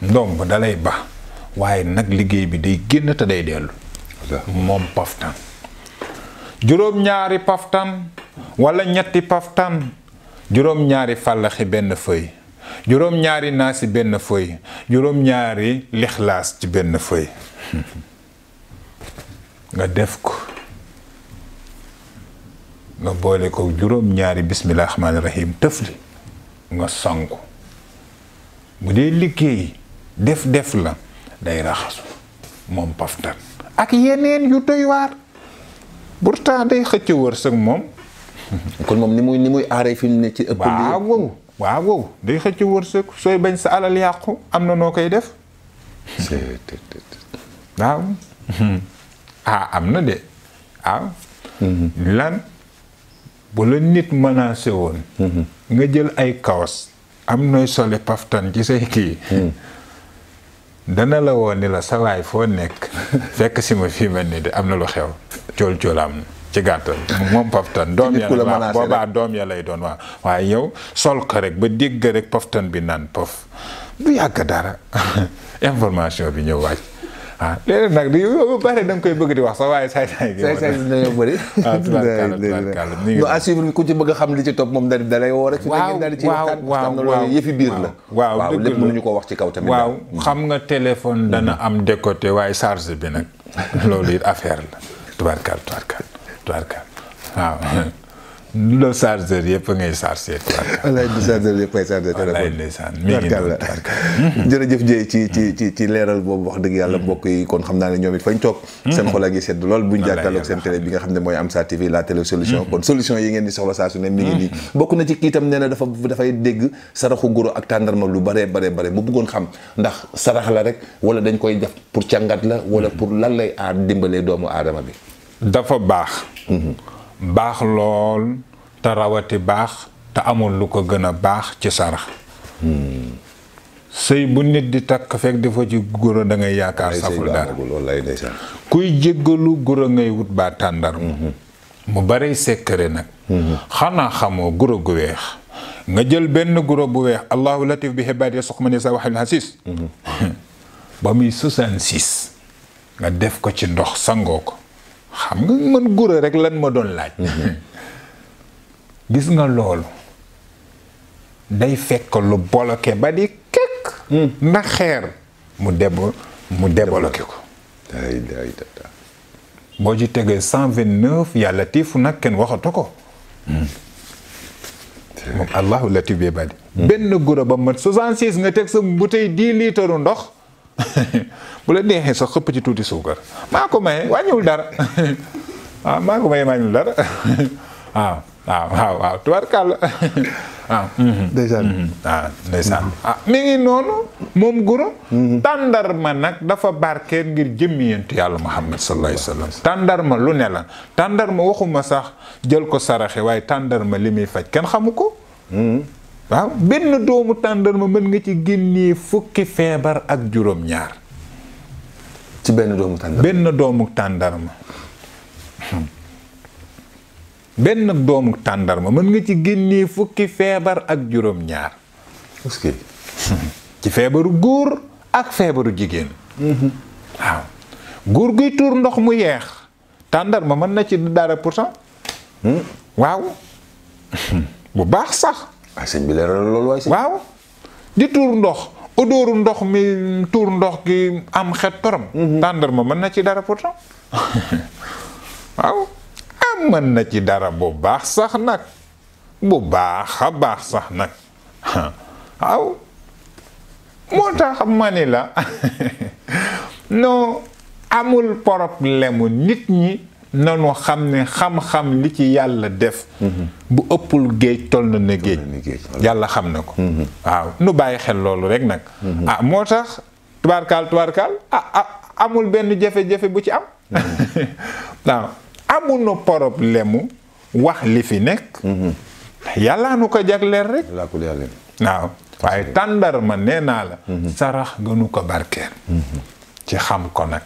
ndomb dalay ba waaye nag liggéey bi day génn te day dellu moom paftan juróom ñaari paftan wala ñetti paftan juróom-ñaari fàllaxi benn feuille juróom-ñaari naasi benn feuille juróom-ñaari lixlaas ci benn feuille nga def ko nga boole ko juróom-ñaari bismillah rahmaani tëfli nga sangu bu dee liggéey def def la day raxasu moom paftan ak yeneen yu doy waar pourtant day xëcc wërsëg moom kon moom ni muy ni muy aaree fi mu ci ëpp. waaw wow waaw wow day xëcc wërsëg sooy bañ sa alal yàqu am na noo koy def. waaw. Ah, am na de ah. Mm-hmm. lan bu la nit menacé woon. Mm-hmm. nga jël ay kawas. am nooy sole paftan ci say kii. Mm. dana la woon ni la sawaay foo nekk fekk si ma fii ma ne de am na lu xew cool cool na. ci gàttal moom paftan doom ya la boobaa doom ya lay doon waa waaye yow sol ko rek ba dégg rek paftan bi naan pof du yàgg dara information bi ñëw wàcc ah léeg-léeg nag di yow bare da nga koy bëgg di wax sax waaye saay-saay gi saay-saay dañoo bëri ah, à suivre ku ci bëgg a xam li ci topp moom daal di dalay woo rek fi ngeen daal di ci waxtaan xam na loolu yëfi biir la waaw lépp mënuñu ko wax ci kaw tamit waaw xam nga téléphone dana mm-hmm. am décoté waaye charge bi nag loolu it affaire la tubaarkaal tubaarkaal tubarka waaw lo chargeur yëpp ngay chargé tubarka walaay du chargeur yëpp ngay chargé téléphone walaay ndeysaan mi ngi noonu tubarka jërëjëf Dieye ci ci ci ci leeral boobu wax dëgg yàlla mbokk yi kon xam naa ne ñoom it fañ toog seen lool buñ jàkkaarloog seen télé bi nga xam ne mooy Amsa TV la télé solution hmm. kon solution yi ngeen di soxla saa su ne mi ngi nii hmm. bokk na ci kiitam nee na dafa dafay dégg saraxu goro ak tàndarma lu bare bare bare bu bëggoon xam ndax sarax la rek wala dañ koy def pour càngat la wala hmm. pour lan lay aar dimbalee doomu aadama bi dafa baax baax lool te baax te amul lu ko gën a baax ci sarax sëy bu nit di takk fekk dafa ci guro da yaakaar saful dara kuy jéggalu guro ngay wut baa tàndar mu bari sekkare nag xanaa xamoo guro gu weex nga jël benn guro bu weex allahu latif bi xibaat ya sox ma ne sa waxil xasis mhm. ba muy 66 nga def ko ci ndox sangoo ko xam nga man gura rek lan ma doon laaj gis nga loolu day fekk lu boloke ba di kekk na xeer mu deb mu débloqué ko boo ci tegee cent vingt neuf yàlla tiifu nag kenn waxatu ko moom allahu latif ba badi benn guro ba mat soixante six nga teg sa bouteille dii liitaru ndox bu la neexee sax xëpp ci tuuti suukar maa ko maye wàññiwul dara waaw ah, maa ko maye wàññiwul dara ah, ah, waaw waaw waaw waaw tubarkàlla waaw dèjà waaw ah mi ngi noonu moom guro mhm. tàndarma nag dafa barkeel ngir jëmmi yentu yàlla muhammad sallallahu alayhi wasallam tàndarma lu ne la tàndarma waxuma sax jël ko saraxe waaye tàndarma li faj kenn xamu ko mhm. waaw benn doomu tàndarma mën nga ci génnee fukki ak juróom ci benn doomu doomu tàndarma. benn doomu tàndarma mën nga ci génnee fukki feebar ak juróom-ñaar. ci feebaru góor ak feebaru jigéen. Mm-hmm. waaw góor guy tuur ndox mu yeex. tàndarma mën na ci dara pour cent. Hmm? waaw bu baax sax. waaw sëñ bi leeral loolu di tuur ndox odooru ndox mi tuur ndox gi am xet torom. Mhm. tàndarma mën na ci dara pourtant waaw. am mën na ci dara bu baax sax nag bu baax baax sax nag waaw moo tax ma ni la amul problème nit ñi. nanu xam ne xam-xam li ci yàlla def bu ëppul géej toll na ne géej yàlla xam na ko mhm. waaw nu bàyyi xel loolu rek nag mhm. ah moo tax tubaarkaal tubaarkaal ah, ah, amul benn jafe-jafe bu ci am mhm. waaw amul na wax li fi nekk yàlla nu ko jagleer rek waaw waaye tàndarma nee naa la sarax gënu ko barkeel ci xam ko nag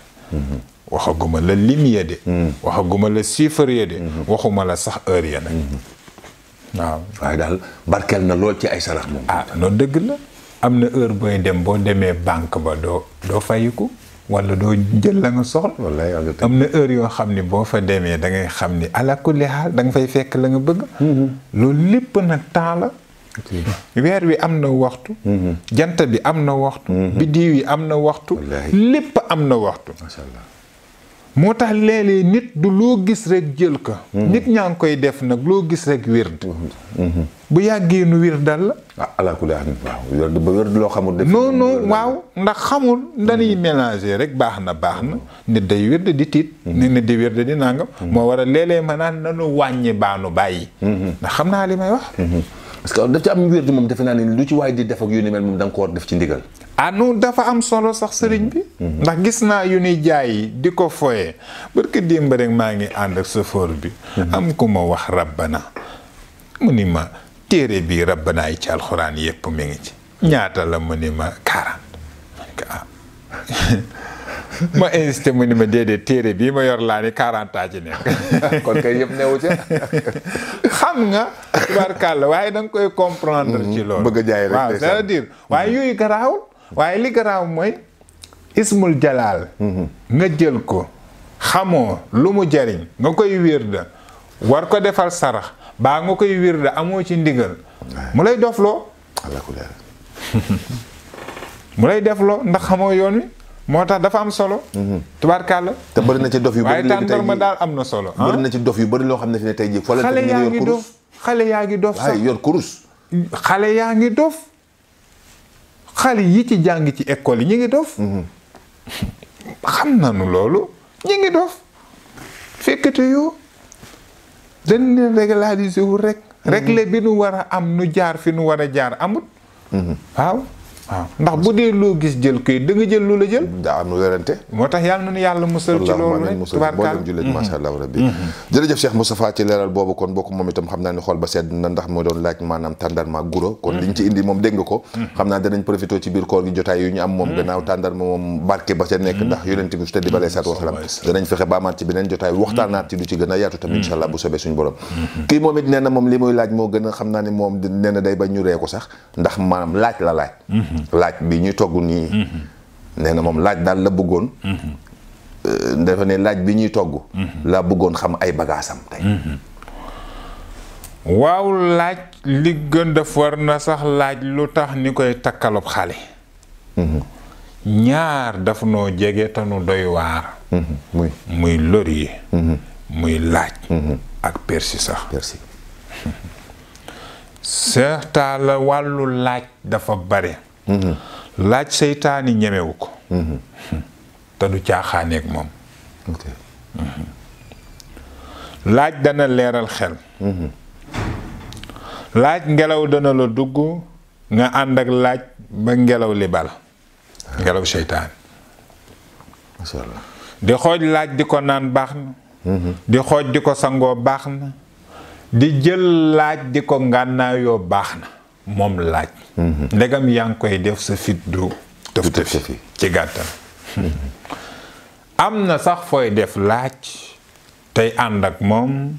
waxaguma la lim ya de hmm. waxaguma la chiffre ya de hmm. waxuma la sax heure ya nag hmm. daal barkeel na lool ci ay sarax moom ah loolu dëgg la am na heure booy dem boo demee banque ba doo doo fayiku wala doo jël la nga soxla am na heure yoo xam ni boo fa demee dangay xam ni ala kulli xaal da nga fay fekk la nga bëgg loolu lépp nag temps weer wi am na waxtu jant bi am na waxtu biddiw yi am na waxtu lépp am na waxtu macha moo tax léeg nit du loo gis rek jël ko hmm. nit ñaa ngi koy def nag loo gis rek wird hmm. Hmm. bu yàggee nu wird dal la ah alaakulli waaw ba wird loo xamul def non non waaw ndax xamul dañuy mélanger rek baax na baax na nit day wird di tiit nit di wird di nangam moo war a léeg-léeg ma naan nanu wàññi baanu bàyyi ndax xam naa li may wax parce que daf ci am wird moom defe naa ne lu ci waay di def ak yu ni mel moom da ko war def ci ndigal ah non dafa am solo sax sëriñ bi. Mhm. Mhm. ndax gis naa yu ni jaay di ko foye barke démb maa ngi ànd ak sëfoor bi. Mhm. am ku ma wax rabbana mu ni ma téere bi rabbana yi ci alxuraan yépp mi ngi ci. ñaata la mu ni ma quarante. ah mu ni ma déedéet téere bii ma yor laa ni quarante ci nekk. kon kay yëpp newu ca. xam nga. tubaarkàlla waaye da koy comprendre. ci loolu waaye yooyu garaawul. waaye li garaaw mooy ismul jalaal mhm. nga jël ko xamoo lu mu jariñ nga koy wirda war ko defal sarax baa nga koy wirda amoo ci ndigal mu lay dof loo mu lay def loo ndax xamoo yoon wi moo tax dafa am solo mhm. tubaarkàlla te bëri na ci dof yu bëri léegi tey jii daal am na solo bëri ah. na ci dof yu bëri loo xam ne fi ne tey jii xale la ngi dof xale yaa ngi dof sax yor kurus xale yaa ngi dof xale yi ci jàng ci école yi ñu ngi dof mhm. xam nañu loolu ñu ngi dof fekkate yoo dañ leen régulariser wu rek mhm. réglé bi nu war a am nu jaar fi nu war a jaar amut mhm. waaw waaw ndax bu dee loo gis jël koy da nga jël lu la jël daa am nu werante moo tax yàlla nañu yàlla musal ci loolu rek tubaarkaal jullit mm-hmm. mm-hmm. leeral boobu kon bokk moom itam xam naa ni xool ba sedd na ndax moo doon laaj maanaam tàndarma guro kon liñ ci mm-hmm. indi moom dégg nga ko xam naa danañ profité ci biir koor gi jotaay yu am moom a yaatu it moom li muy laaj moo gën a xam naa ni moom nee day bañ ñu ree ko sax ndax maanaam laaj la laaj laaj bi ñuy togg nii nee na moom laaj daal la bëggoon euh, dafa ne laaj bi ñuy togg la bëggoon xam ay bagaasam waaw laaj li gën def war na sax laaj lu tax ni koy takkalob xale ñaar daf noo jege te nu doy waar muy muy lori mm-hmm. muy laaj mm-hmm. ak persi sax persi seextaa la wàllu laaj dafa bari laaj seytaani ñemewu ko te du caaxaaneek moom laaj dana leeral xel laaj ngelaw dana la dugg nga ànd ak laaj ba ngelaw li bala ngelaw seytaan di xooj laaj di ko naan baax na mhm. di xooj di ko sangoo baax na di jël laaj di ko ngànnaayoo baax na moom laaj. Mhm. ndegam yaa ngi koy def sa fit du. tëf tëf ci gàttal. am na sax fooy def laaj tey ànd ak moom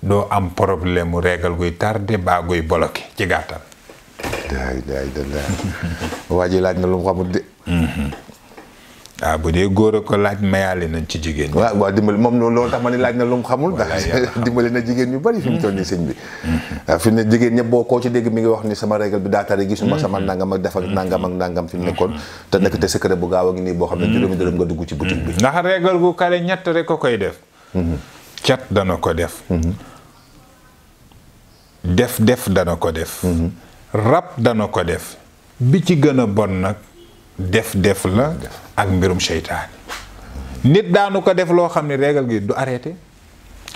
doo am problème mu régal guy tardé baa guy bloqué ci gàttal. daay daay laaj na lu mu de. Mhm. waaw ah, bu dee góor a ko laaj mayaale nañ ci jigéen ñi. waaw waaw dimbali moom loolu tax ma ne laaj na lu mu xamul. ndax dimbali na jigéen ñu bari fi mu toll nii bi. Mm-hmm. Ah, fi mu ne jigéen ñëpp boo koo ci dégg mi ngi wax ni sama régal bi daa tari gisuma mm-hmm. sama nangam ak def nangam ak nangam fi mu nekkoon. Mm-hmm. te nekk te secret bu gaaw a ngi nii boo xam ne juróomi dërëm nga dugg ci boutique bi. ndax régal gu kale ñett rek ko koy def. cat dana ko def. def def dana ko def. rab dana ko def. ci gën a bon nag. def-def la ak mbirum seytaane nit daanu ko def loo xam ne regal gi du arrêté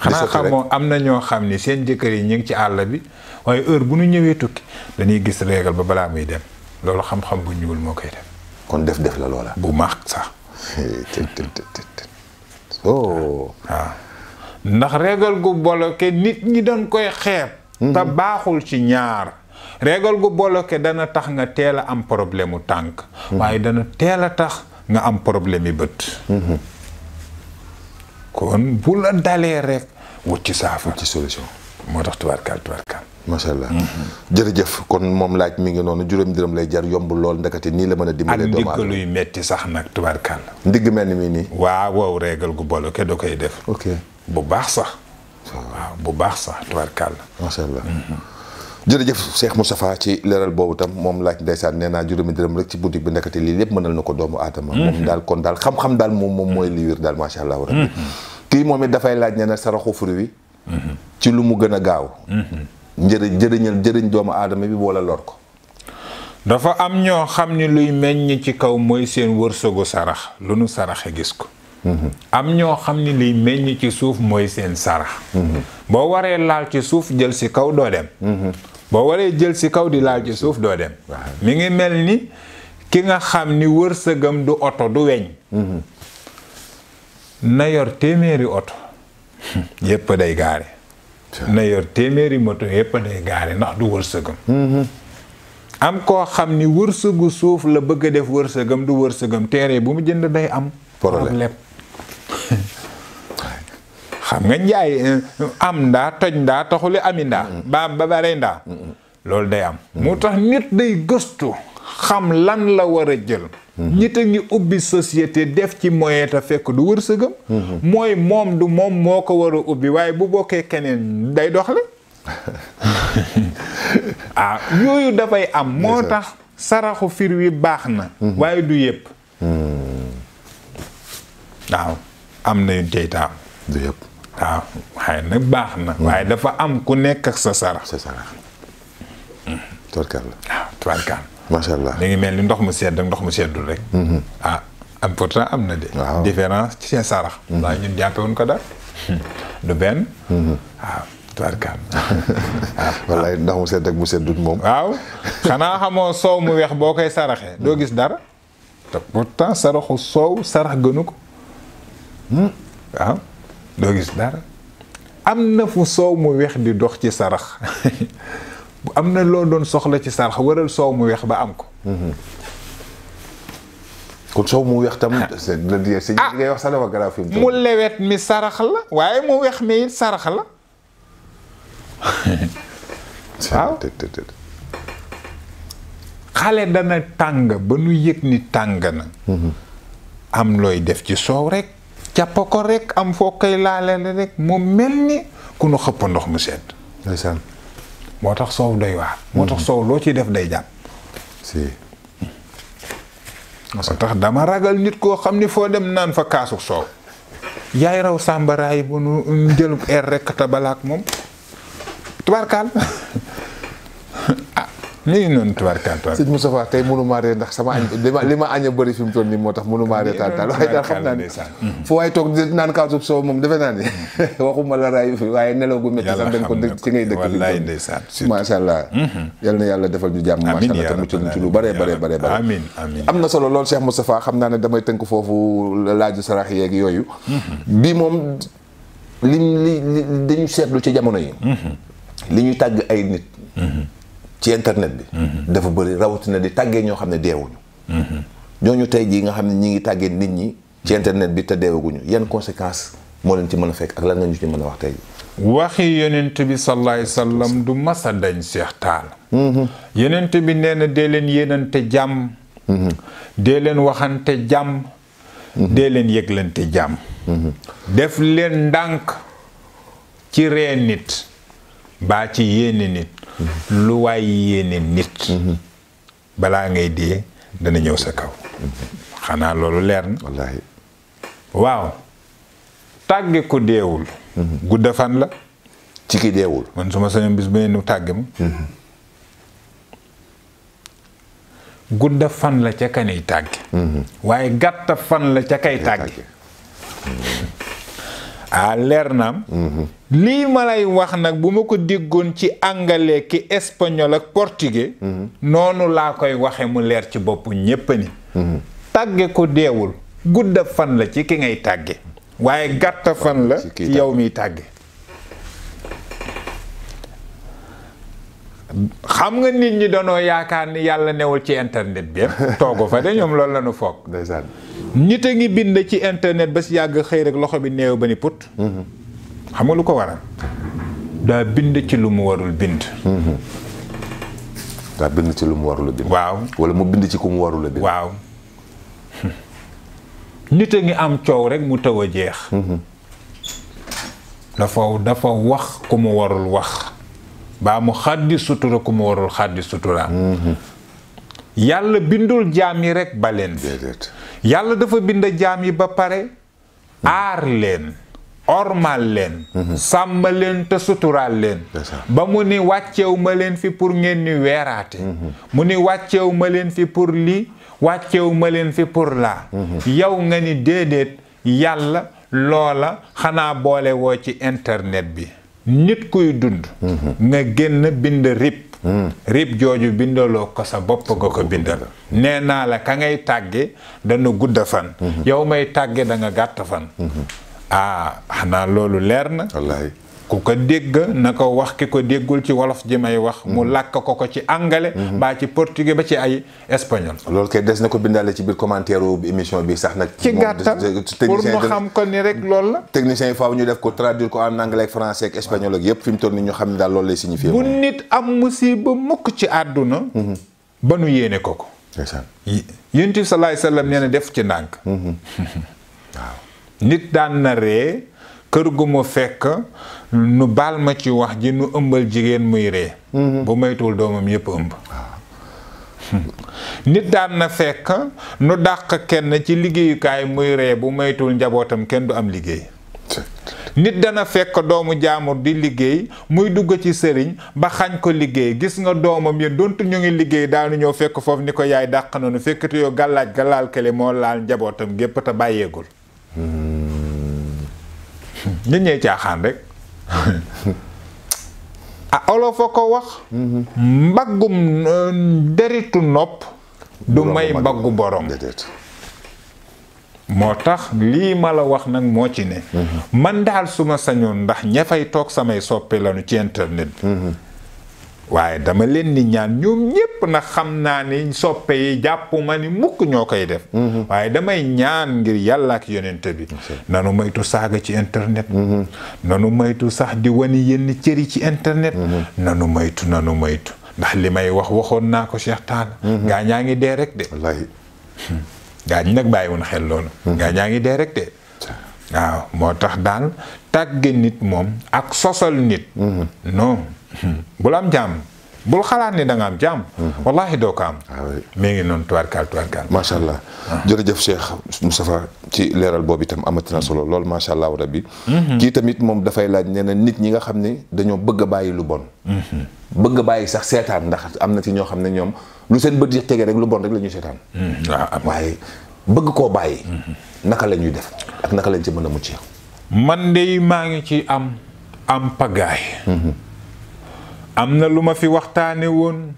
xanaa xamoo am na ñoo xam ni seen jëkkër yi ñu ngi ci àll bi waaye heure bu nu ñëwee tukki dañuy gis régal ba balaa muy dem loolu xam-xam bu ñuul moo koy def kon def def la loola bu mag sax oh. waaw ndax régal gu boloke nit ñi doon koy xeeb mm-hmm. te baaxul ci ñaar régal gu bloqué dana tax nga teel a am problème mu tànk waaye dana teel a tax nga am problème yi bët kon bu la dalee rek wut ci saafara ci solution moo tax tubaarkaal tubaarkaal macha allah mm-hmm. jërëjëf kon moom laaj mi ngi noonu juróomi dërëm lay jar yomb lool ndakati nii la mën a dimbale doomu ak ndigg metti sax nag tubaarkaal ndigg mel ni mii nii waaw wow régal gu bloqué da koy def ok bu baax sax waaw bu baax sax tubaarkaal macha allah mm-hmm. jërëjëf Cheikh Moustapha ci leeral boobu tam moom laaj ndeysaan nee naa juróomi dërëm rek ci boutique bi nekkati lii lépp mënal na ko doomu aadama mhm. daal kon daal xam daal moom moom mooy li wér daal mhm. kii moom it dafay laaj ne na saraxu furi mhm. lu mu gën a gaaw njëriñ jëriñal jëriñ doomu aadama bi wala lor ko dafa am ñoo xam ni luy meññ ci kaw mooy seen wërsëgu sarax lu nu saraxe gis ko am ñoo xam ni liy meññ ci suuf mooy seen sarax boo waree laal ci suuf jël si kaw doo dem boo waree jël si kaw di laal ci suuf doo dem mi ngi mel ni ki nga xam ni wërsëgam du oto du weñ mm-hmm. na yor téeméeri oto yépp day gaare na yor téeméeri moto yépp day gaare ndax du wërsëgam mm-hmm. am koo xam ni wërsëgu suuf la bëgg a def wërsëgam du wërsëgam téere bu mu jënd day am problème xam nga njaay eh, am ndaa toj ndaa taxuli ami ndaa ba ba bare ndaa loolu day am moo tax nit day gëstu xam lan la war a jël nit a ngi ubbi société def ci moyen fekk du wërsëgam mooy moom du moom moo ko war a ubbi waaye bu bokkee keneen day doxle ah yooyu dafay am moo tax saraxu fir wi baax na waaye du yépp waaw am na yu jeytaam waaw nag baax na. Mm. waaye dafa am ku nekk ak sa sarax. sa sarax. Mm. tubarkaal ngi mel ni ndox mu sedd ak ndox mu seddul rek. Mm-hmm. ah am am na de. waaw ci seen sarax. Mm-hmm. waaye ko daal. Mm-hmm. benn. waaw ah, tubarkaal. Ah, wallaay ndox mu sedd ak mu seddul xanaa xamoo soow mu weex boo koy saraxee doo gis dara. te pourtant saraxu soow sarax gënu ko. Hmm. waaw. doo gis dara am na fu soow mu weex di dox ci sarax bu am na loo doon soxla ci sarax waral soow mu weex ba am ko mhm. kon mu weex ah. ah. ngay wax sax mu lewet mi sarax la waaye mu weex mi it sarax la waaw xale dana tàng ba nu yëg ni tàng na mhm. am looy def ci soow rek jàpp ko rekk am foo koy laaleele rek moom mel ni ku nu xëpp ndox mu sedd. ndeysaan moo tax soow doy waar. moo tax mm-hmm. soow loo ciy def day jàpp. si. moo tax dama ragal nit koo xam ni foo dem naan fa kaasu soow. raw sàmbaraay bu nu jël air rek tabalaak moom ñu tey mënu maa ndax sama añ li ma añ a bëri fi mu toll nii moo tax mënu maa ree taal taal waaye daal xam naa ne fu waaye toog naan kaasub soow moom defe la raay waaye nelaw gu métti sax dañ allah mhm. na yàlla defal ñu jàmm macha allah te mucc ñu ci lu bare bare bare am na solo lool Cheikh Moustapha xam naa ne damay tënk foofu laaju sarax yeeg yooyu mhm. bi moom lim li dañu seetlu ci jamono yi mhm. li ñu tàgg ay nit ci internet bi. Mm-hmm. dafa bëri rawatina di tàggee ñoo xam ne deewuñu. Mm-hmm. ñooñu tey jii nga xam ne ñi ngi tàggee nit ñi. ci mm-hmm. internet bi te deewaguñu yan conséquences moo leen ci mën a fekk ak lan nga ñu ci mën a wax tey. waxi yonent bi sallallahu alayhi wasallam du masa dañ seex taal. yonent bi nee na dee leen yéenante jàmm. dee leen waxante jàmm. dee leen yëglante jàmm. def leen ndànk ci ree nit. baa ci yéene nit. lu waay yéene nit mhm. balaa ngay dee dana ñëw sa kaw xanaa loolu leer na waaw tàgge ku deewul mhm. gudda fan la ci ki deewul man su ma sañoon bis bu ne nu tàgge ma mhm. gudda fan la ca kanay tàgge waaye gàtta fan la ca kay tàgge ah leer naam. lii ma lay wax nag bu ma ko déggoon ci anglais ki espagnol ak portugais. noonu laa koy waxe mu leer ci bopp ñépp ni tàgge ko deewul gudda fan la ci ki ngay tàgge waaye gàtta fan la ci yow miy tàgge xam nga nit ñi danoo yaakaar ni yàlla newul ci internet bi yëpp toogu fa de ñoom loolu la ñu foog. ndeysaan nit a ngi bind ci internet ba si yàgg xëy rek loxo bi néew ba ni put. Mhm. xam nga lu ko waral. daa bind ci lu mu warul bind. Mhm. ci lu mu waaw wala mu bind ci ku mu warul bind. waaw. nit a ngi am coow rek mu taw a jeex. Mhm. dafa dafa wax ku mu warul wax. baa mu xaddi sutura ku mu warul xaddi yàlla bindul jaam yi rekk ba leen yàlla dafa bind jaam yi ba pare aar leen ormal leen sàmm leen te suturaal leen ba mu ni wàccew ma leen fi pour ngeen ni weeraate mu ni wàccew ma leen fi pour lii wàccew ma leen fi pour laa yow nga ni déedéet yàlla loola xanaa boole woo ci internet bi nit kuy dund mhm. nga génn bind rib mhm. rib jooju bindaloo ko sa bopp nga ko bindal nee naa la ka ngay tàgge dana gudd fan mhm. yow may tàgge danga nga gàtt fan ah xanaa loolu leer na ku ko dégg na ko wax ki ko déggul ci wolof ji may wax mu mm-hmm. làkk ko ko ci angale mbaa mm-hmm. ci portugais ba ci ay espagnol loolu kay des na ko bindaale ci biir commentaire bu bi sax nag ci gàttal pour mu xam ko ni rek loolu la technicien yi faaw ñu def ko traduire ko en anglais ak français ak espagnol ak yépp fi mu toll ni ñu xam ne daal loolu lay signifier bu nit am musiba mukk ci àdduna mm-hmm. ba nu yéene ko ko yonent bi salaay sallam def ci ndànk nit daan na ree kër gu nu baal ma ci wax ji nu ëmbal jigéen muy ree mhm. bu maytuwul doomam yépp ëmb nit daan na fekk nu dàq kenn ci liggéeyukaay muy ree bu maytuwul njabootam kenn du am liggéey nit dana fekk doomu jaamur di liggéey muy dugg ci sëriñ ba xañ ko liggéey gis nga doomam ya dontu ñu ngi liggéey daanu ñëw fekk foofu ni ko yaay dàq na nu fekkati yoo gàllaaj galaal kele moo laal njabootam gépp te bàyyeegul hmm. nit ñee caaxaan rek a ah, olof a ko wax mbaggum euh, deritu nopp du may mbaggu borom moo tax lii ma la wax nag moo ci ne mhm. man daal suma ma sañoon ndax ña fay toog samay soppe ci internet bi mhm. waaye dama leen di ñaan ñoom ñépp na xam naa ni soppe yi jàppuma ni mukk ñoo koy def mhm. waaye damay ñaan ngir yàlla ak yonent bi nanu maytu saaga ci internet mhm. nanu moytu sax di wani yenn cëri ci internet mhm. nanu maytu nanu moytu ndax li may wax waxoon naa ko Cheikh Tall gaa ñaa ngi dee rek de wallaahi hmm. gaa ñi nag bàyyiwun xel loolu gaa ñaa ngi dee rek de waaw moo tax daal tàgg nit moom ak sosal nit non Hmm. bul am jaam bul xalaat ne danga nga am jaam. Hmm. wallaahi doo ko am. Ah mi ngi noonu tubaarkaal tubaarkaal. macha allah ah. jërëjëf Cheikh Moustapha ci leeral boobu itam amati na solo lool macha allah rabbi. Hmm. kii tamit moom dafay laaj nee nit ñi nga xam ne dañoo bëgg bàyyi lu bon. bëgg bàyyi sax seetaan ndax am na ci ñoo xam ne ñoom lu seen bët yi rek lu bon rek la ñuy seetaan. waaw waaye bëgg koo bàyyi. naka la ñuy def ak naka lañ ci mën a mucc. man de maa ngi ci am am pagaay. am na lu ma fi waxtaane woon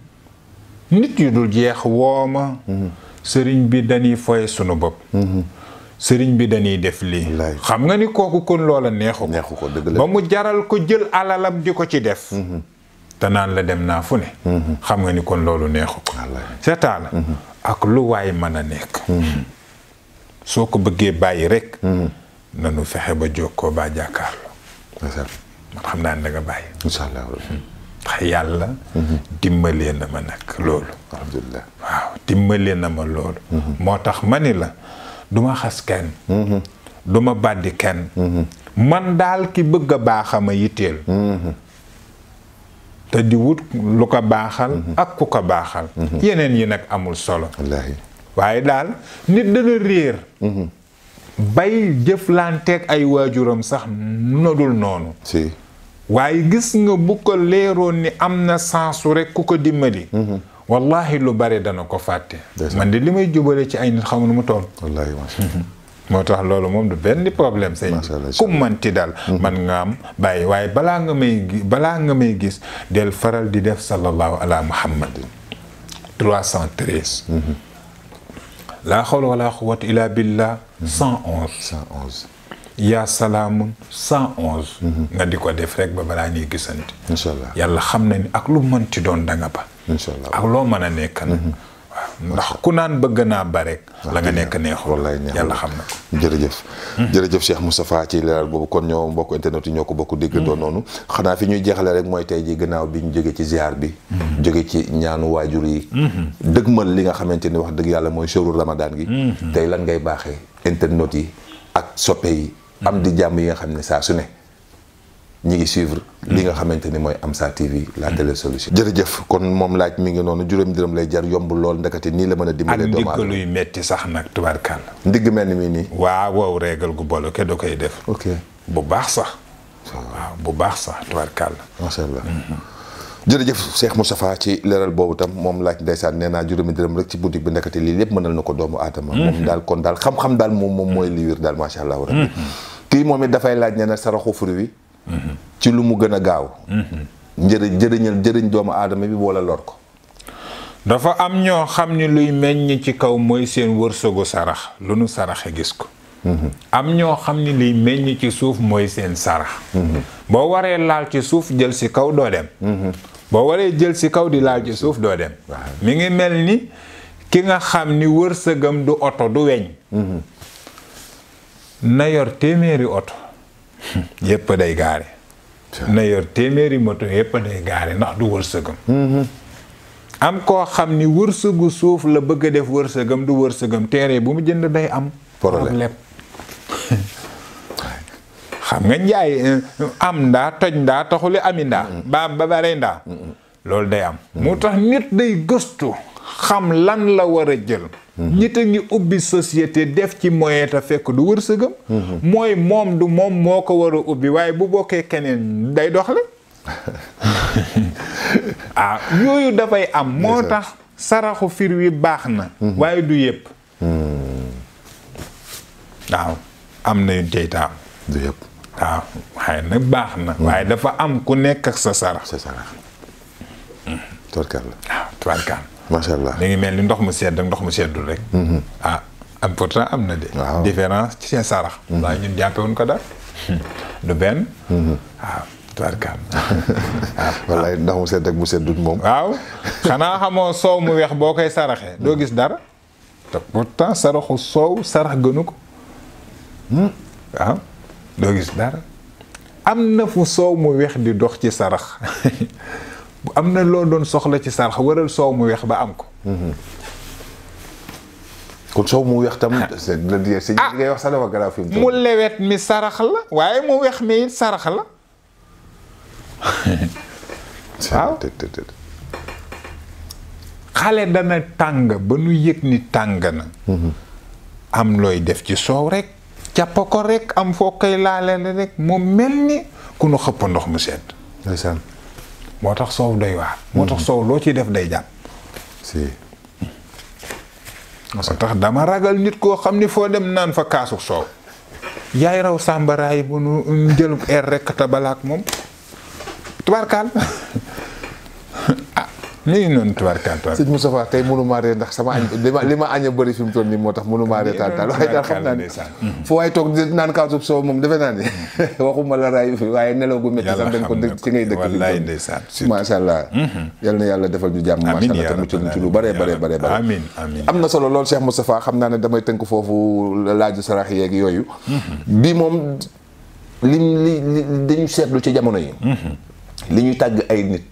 nit yu dul jeex woo ma mhm. sëriñ bi dañuy foye sunu bopp mhm. sëriñ bi dañuy def lii xam nga ni kooku kon loola neexu ko ba mu jaral ko jël alalam di ko ci def mhm. te naan la dem naa fu ne xam nga ni kon loolu neexu ko seetaan ak lu waay mën a nekk soo ko bëggee bàyyi rek nanu fexe ba jokkoo baa jàkkaarloo man xam naa ne da nga bàyyi ndax yàlla mm-hmm. dimbalee na ma nag loolu waaw dimbalee na ma loolu mm-hmm. moo tax ma ni la duma ma xas kenn mm-hmm. du bàddi kenn man daal ki bëgg a baaxama yitteel te di wut lu ko baaxal ak ku ko baaxal yeneen yi nag amul solo waaye daal nit dana réer bay jëflanteek ay waajuram sax nodul noonu waaye gis nga bu ko leeroon ni am na sansu rek ku ko dimbali. Mhm. wallahi lu bare dana ko fàtte. man di li may jubale ci ay nit xamu nu mu toll. wallaahi macha mhm. moo tax loolu moom du benn problème. sëñ bi man ti daal. Mhm. man nga am bàyyi waaye balaa nga may balaa nga may gis del faral di def sallallahu ala muhammad 313. laa xawla wala quwwata illa billah yaa salaamun 111. nga di ko def rek ba balaa ñuy gisante. incha allah yàlla xam na ni ak lu mën mënti doon da ba. incha allah ak loo mën a nekk nag. Mm-hmm. ndax ku naan bëgg naa ba rek ah, la nga nekk neexul wallaay neexul yàlla xam na ko jërëjëf mm-hmm. jërëjëf Cheikh Moustapha ci leeral boobu kon ñoo mbokk internet yi ñoo ko bokk dégg doon mm-hmm. noonu xanaa fi ñuy jeexale rek mooy tey ji gannaaw bi ñu jóge ci ziar bi jóge ci ñaanu waajur yi dëgg dëgmal li nga xamante ni wax dëgg yàlla mooy shahru ramadan gi tey lan ngay baaxee internet yi ak soppe am di jàmm yi nga xam ne saa su ne ñi ngi suivre li nga xamante ni mooy am Amsa TV la télé solution jërëjëf kon moom laaj mi ngi noonu juróomi dërëm lay jar yomb lool ndakate nii la mën a dimbale doomu ak metti sax nag tubaarkàll ndigg mel ni mii nii waaw wow régal gu bolo ke koy def ok bu baax sax waaw bu baax sax tubaarkàll macha allah mhm. jërëjëf Cheikh Moustapha ci leeral boobu tam moom laaj ndeysaan nee naa juróomi dërëm rek ci boutique bi ndakate lii lépp mënal na ko doomu aadama mhm. moom daal kon daal xam-xam daal moom moom mooy li wér daal macha allah rabbi mhm. kii moom it dafay laaj ne ne saraxu fruit wi ci lu mu gën a gaaw njëriñ jëriñal jëriñ doomu aadama bi wala lor ko dafa am ñoo xam ni luy meññ ci kaw mooy seen wërsëgu sarax lu nu saraxe gis ko am ñoo xam ni liy meññ ci suuf mooy seen sarax boo waree laal ci suuf jël si kaw doo dem boo waree jël si kaw di laal ci suuf doo dem mi ngi mel ni ki nga xam ni wërsëgam du oto du weñ na yor téeméeri oto yépp day gaare na yor téeméeri moto yépp day gaare ndax du wërsëgam mm-hmm. am koo xam ni wërsëgu suuf la bëgg a def wërsëgam du wërsëgam téere bu mu jënd day am problème xam nga njaay eh, am ndaa toj ndaa taxul ami ndaa ba ba bare ndaa loolu day am moo tax nit day gëstu xam lan la war a jël ñit a ngi ubbi société def ci moyen te fekk du wërsëgam mooy moom du moom moo ko war a ubbi waaye bu bokkee keneen day doxle ah yooyu dafay am moo tax saraxu fir wi baax na mhm. waaye du yëpp hmm. waaw am na yu tey taam du yëpp waaw waaye nag baax na hmm. waaye dafa am ku nekk ak sa sarax sa sarax hmm. macha allah mi ngi mel ni ndox mu sedd ndox mu seddul rek. Mm-hmm. ah am am na de. différence ci seen sarax. Mm-hmm. waaye ñun jàppewuñ ko dara. Mm-hmm. du benn. waaw ah, tubaarkaal. Ah. wallaay ndox mu sedd ak mu seddul moom. waaw xanaa xamoo soow mu weex boo koy saraxee doo gis dara. te saraxu soow sarax gënu ko. Hmm? doo gis dara. am na fu soow mu weex di dox ci sarax. bu am na loo doon soxla ci sànq waral soow mu weex ba am ko. kon soow mu weex tam. ah, ah. ngay wax mu lewet mi sarax la waaye mu weex mi it sarax la. waaw xale dana tàng ba nu yëg ni tàng na. Mm-hmm. am looy def ci soow rek. jàpp ko rek am foo koy laale rek mu mel ni ku nu xëpp ndox mu sedd. moo tax soow doy waar. moo tax soow loo ciy def day jàpp. si. moo tax dama ragal nit koo xam ni foo dem naan fa kaasu soow. yaay raw sàmbaraay bu nu jël air rek tabalaak moom tubaarkaal ah, ñu ngi noonu tubaarkaal tubaar sëñ Moustapha tey mënu maa ree ndax sama añ li ma añ a bëri fi mu nii moo tax mënu maa taal taal waaye daal xam naa ne fu waaye toog naan kaasub soow moom defe naa ne waxuma la raay waaye nelaw gu métti sax dañ ko dëkk ci ngay dëkk wallaay ndeysaan macha allah mhm. yal na yàlla defal ñu jàmm macha allah te mucc ñu ci lu na mhm. moom li li dañu seetlu ci jamono yi mhm. li ñuy tàgg ay nit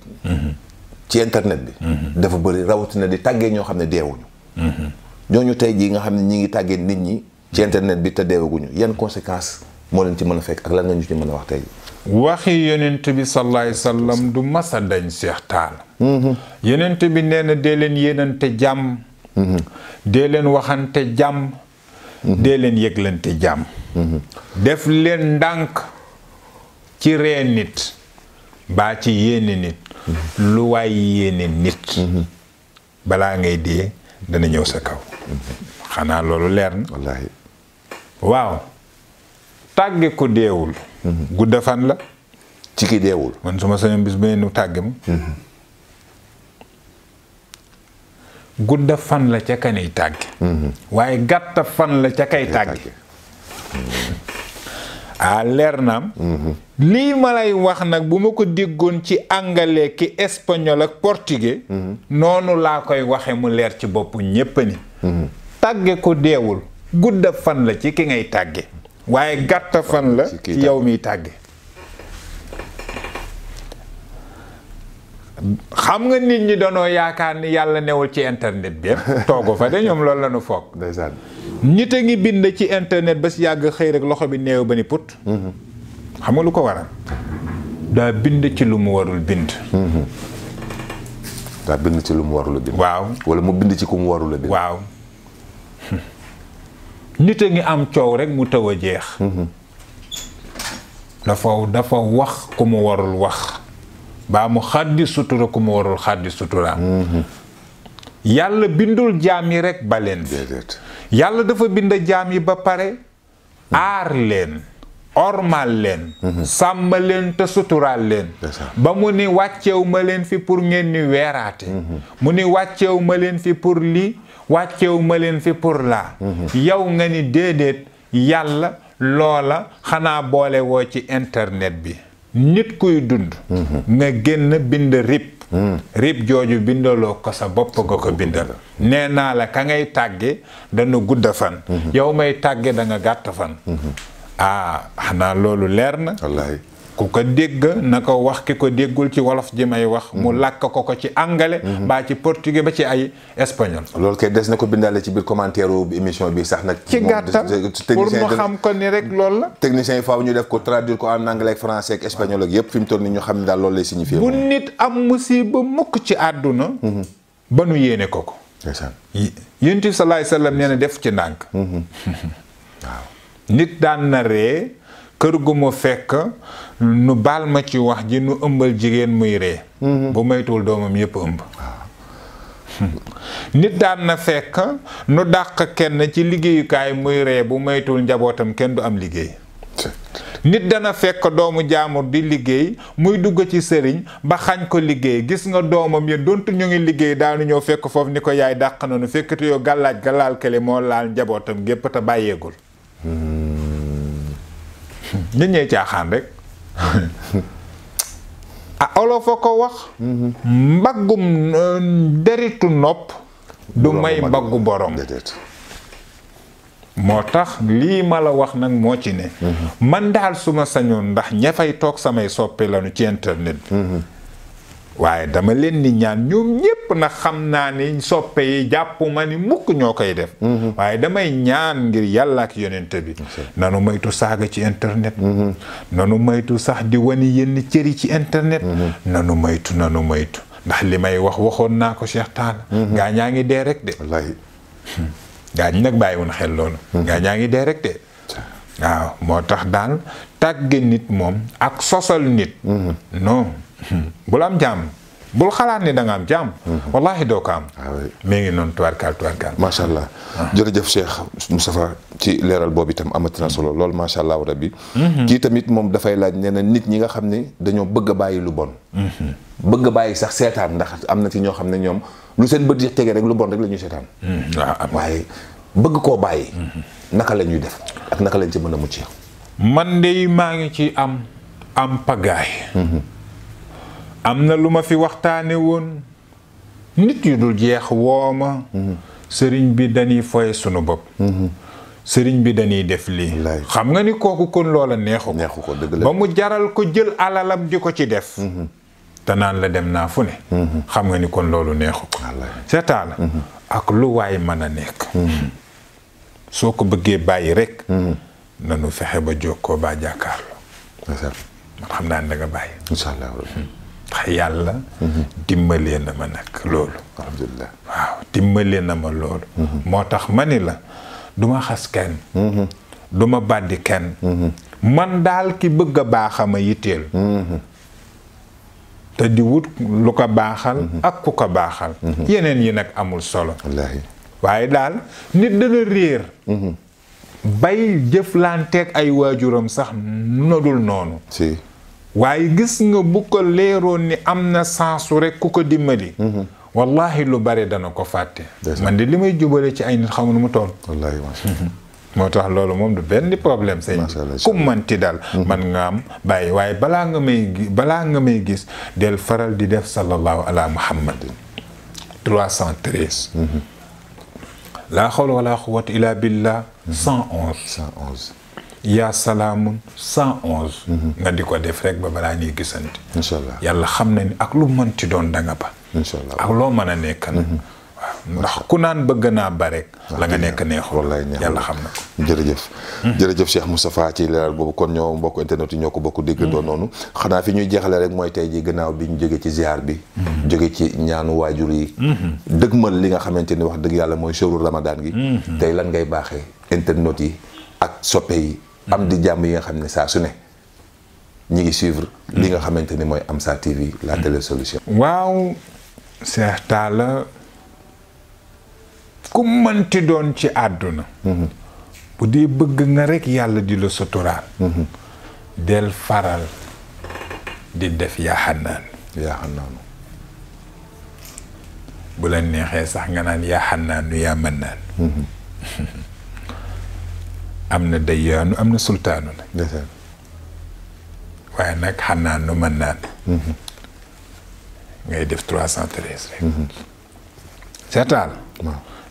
ci internet bi. Mm-hmm. dafa bëri rawatina di tàggee ñoo xam ne deewuñu. Mm-hmm. ñooñu tey jii nga xam ne ñi ngi tàggee nit ñi. ci internet bi te deewaguñu yan conséquences moo leen ci mën a fekk ak lan nga ñu ci mën a wax tey. waxi yonent bi salaay sallam du masa dañ seex taal. Mm-hmm. yonent bi nee dee leen yéenante jàmm. dee leen waxante jàmm. dee leen yëglante jàmm. def leen ndànk ci ree nit. baa ci yéene nit. lu waay yéene nit balaa ngay dee dana ñëw sa kaw xanaa loolu leer na waaw tàgge ku deewul gudda fan la ci ki deewul man suma sañoon bis bu ne nu tàgge ma mhm. gudda fan la ca kanay tàgge mhm. waaye gàtta fan la ca kay tàgge ah leer naam. lii ma lay wax nag bu ma ko déggoon ci anglais ki espagnol ak portugais. noonu laa koy waxe mu leer ci bopp ñépp ni tàgge ko deewul gudda fan la ci ki ngay tàgge waaye gàtta fan la ci yow miy tàgge xam nga nit ñi danoo yaakaar ni yàlla newul ci internet bi yëpp toogu fa de ñoom loolu la ñu foog. ndeysaan nit a ngi bind ci internet ba si yàgg xëy rek loxo bi néew ba ni put. Mhm. xam nga lu ko waral. daa bind ci lu mu warul bind. Mhm. bind ci lu mu warul waaw wala mu bind ci ku mu warul bind. waaw. nit a ngi am coow rek mu taw a jeex. Mhm. dafa dafa wax ku mu warul wax. baa mu xaddi sutura ku mu yàlla bindul jaam yi rek ba leen yàlla dafa bind jaam yi ba pare aar leen ormal leen sàmm leen te suturaal leen ba mu ni wàcceew ma leen fi pour ngeen ni weeraate mu ni wàcceew ma leen fi pour lii wàccewuma leen fi pour laa yow nga ni déedéet yàlla loola xanaa boole woo ci internet bi nit kuy dund mm-hmm. na génn bind rib mm. rib jooju bindaloo ko sa bopp nga ko mm-hmm. bindal mm-hmm. nee naa la ka ngay tàgge dana gudda fan yow may tàgge danga gàtt fan ah xanaa loolu leer na ku ko dégg na ko wax ki ko déggul ci wolof ji may wax mu mhm. làkk ko ko ci angale mhm. baa ci portugais ba ci ay espagnol loolu kay des na ko bindaale ci biir commentaire bi sax nag ci gàttal pour mu xam ko ni rek loolu la technicien yi faaw ñu def ko traduire ko en anglais ak français ak yépp fi mu ni ñu xam ne daal loolu lay signifier bu nit am musiba mukk ci àdduna mhm. ba nu yéene ko ko yéen ti salaay sallam def ci ndànk nit daan na ree kër gu mu nu baal ma ci wax ji nu ëmbal jigéen muy ree mhm. bu maytuwul doomam yépp ëmb nit daan na fekk nu dàq kenn ci liggéeyukaay muy ree bu maytuwul njabootam kenn du am liggéey nit dana fekk doomu jaamur di liggéey muy dugg ci sëriñ ba xañ ko liggéey gis nga doomam ya dontu ñu ngi liggéey daanu ñëw fekk foofu ni ko yaay dàq na nu fekkati yoo gàllaaj gàllaal kele moo laal njabootam gépp te bàyyeegul hmm. nit ñee caaxaan rek ah olof a ko wax mbaggum euh, deritu nopp du may mbaggu borom moo tax lii ma la wax nag moo ci ne mhm. man daal suma ma sañoon ndax ña fay toog samay soppe lanu ci internet bi mhm. waaye dama leen di ñaan ñoom ñépp na xam naa ni soppe yi jàpp ni mukk ñoo koy def mhm. waaye damay ñaan ngir yàlla ak yonent bi nanu maytu saaga ci internet mhm. nanu maytu sax di wani yenn cëri ci internet mhm. nanu moytu nanu moytu ndax li may wax waxoon naa ko Cheikh Tall gaa ñaa ngi dee rek de wallaahi hmm. gaa ñi nag bàyyiwun xel loolu gaa ñaa ngi dee de waaw moo tax daal tàgge nit moom ak sosal nit mhm. non bul am jàmm bul xalaat ni danga am jàmm mhm. wallahi doo ko am ah mi ngi noonu tubaarkaal tubaarkaal macha allah ah. jërëjëf Cheikh Moustapha ci leeral boobu itam amati na solo lool macha allah rabbi mhm. kii moom dafay laaj nee nit ñi nga xam ne dañoo bëgg bàyyi lu bon bëgg a sax seetaan ndax am na ci ñoo xam ne ñoom lu seen bët yi rek lu bon rek la ñuy seetaan waaw waaye bëgg koo bàyyi naka la ñuy def ak naka lañ ci mën a mu mucc man de maa ngi ci am am pagaay mm-hmm. am na lu ma fi waxtaane woon nit yu dul jeex woo ma mm-hmm. sëriñ bi dañuy foye sunu bopp mm-hmm. sëriñ bi dañuy def lii xam nga ni kooku kon loola neexu ko ba mu jaral ko jël alalam di ci def te dem naa fu ne nga ni kon loolu neexu ko seetaan ak lu waay mën a nekk soo ko bëggee bàyyi rek. Hmm. nanu fexe ba jokkoo baa jàkkaarloo. man xam naa ne da nga bàyyi. incha yàlla. Hmm. dimbalee na ma nag loolu. alhamdulilah waaw dimbalee na ma loolu. Hmm. moo tax ma ni la duma ma xas kenn. du ma bàddi kenn. man daal ki bëgg a baax a ma yitteel. te di wut lu ko baaxal. ak ku ko baaxal. yeneen yi nag amul solo. waaye daal nit dana réer mhm. bay jëflanteeg ay waajuram sax nodul noonu si waaye gis nga bu ko leeroon ni am na sansu rek ku ko dimbali mhm. wallahi lu bare dana ko fàtte man di li may jubale ci ay nit xamul mu toll wallaahi moo tax loolu moom du benn problème sëñ bi ku ti dal man nga am bàyyi waaye balaa nga may balaa nga may gis del faral di def sallallahu ala muhammadin 313 laa xawla wala quwwata illa billah cent onze cent onze yaa salaamun cent onze mhm. nga di ko def rek ba balaa ñuy gisante incha allah yàlla xam na ni ak lu mënti doon da nga ba ak loo mën a nekk ndax ku naan bëgg naa ba rek la nga nekk neexul yàlla xam na ko jërëjëf hmm. jërëjëf Cheikh Moustapha ci leeral boobu kon ñoo bokk internet yi ñoo ko bokk dégg doon hmm. noonu xanaa fi ñuy jeexale rek mooy tey ji gannaaw bi ñu jóge ci ziar bi hmm. jóge ci ñaanu waajur yi dëgmal li nga xamante ni wax dëgg yàlla mooy shahru ramadan gi tey lan ngay baaxe internet yi ak soppe yi am di jàmm yi nga xam ne saa su ne ñi ngi suivre li nga xamante ni mooy Amsa TV la télé solution waaw Cheikh Talla ku mënti doon ci àdduna mhm. bu dee bëgg nga rekk yàlla di la suturaal mhm. del faral di def yaa xannaan yaa xannaanu bu la neexee sax nga naan yaa xannaanu yaa mën mhm. am na dayyaanu am na sultaanu nag waaye nag xannaanu mën naan ngay def trois cent treize rek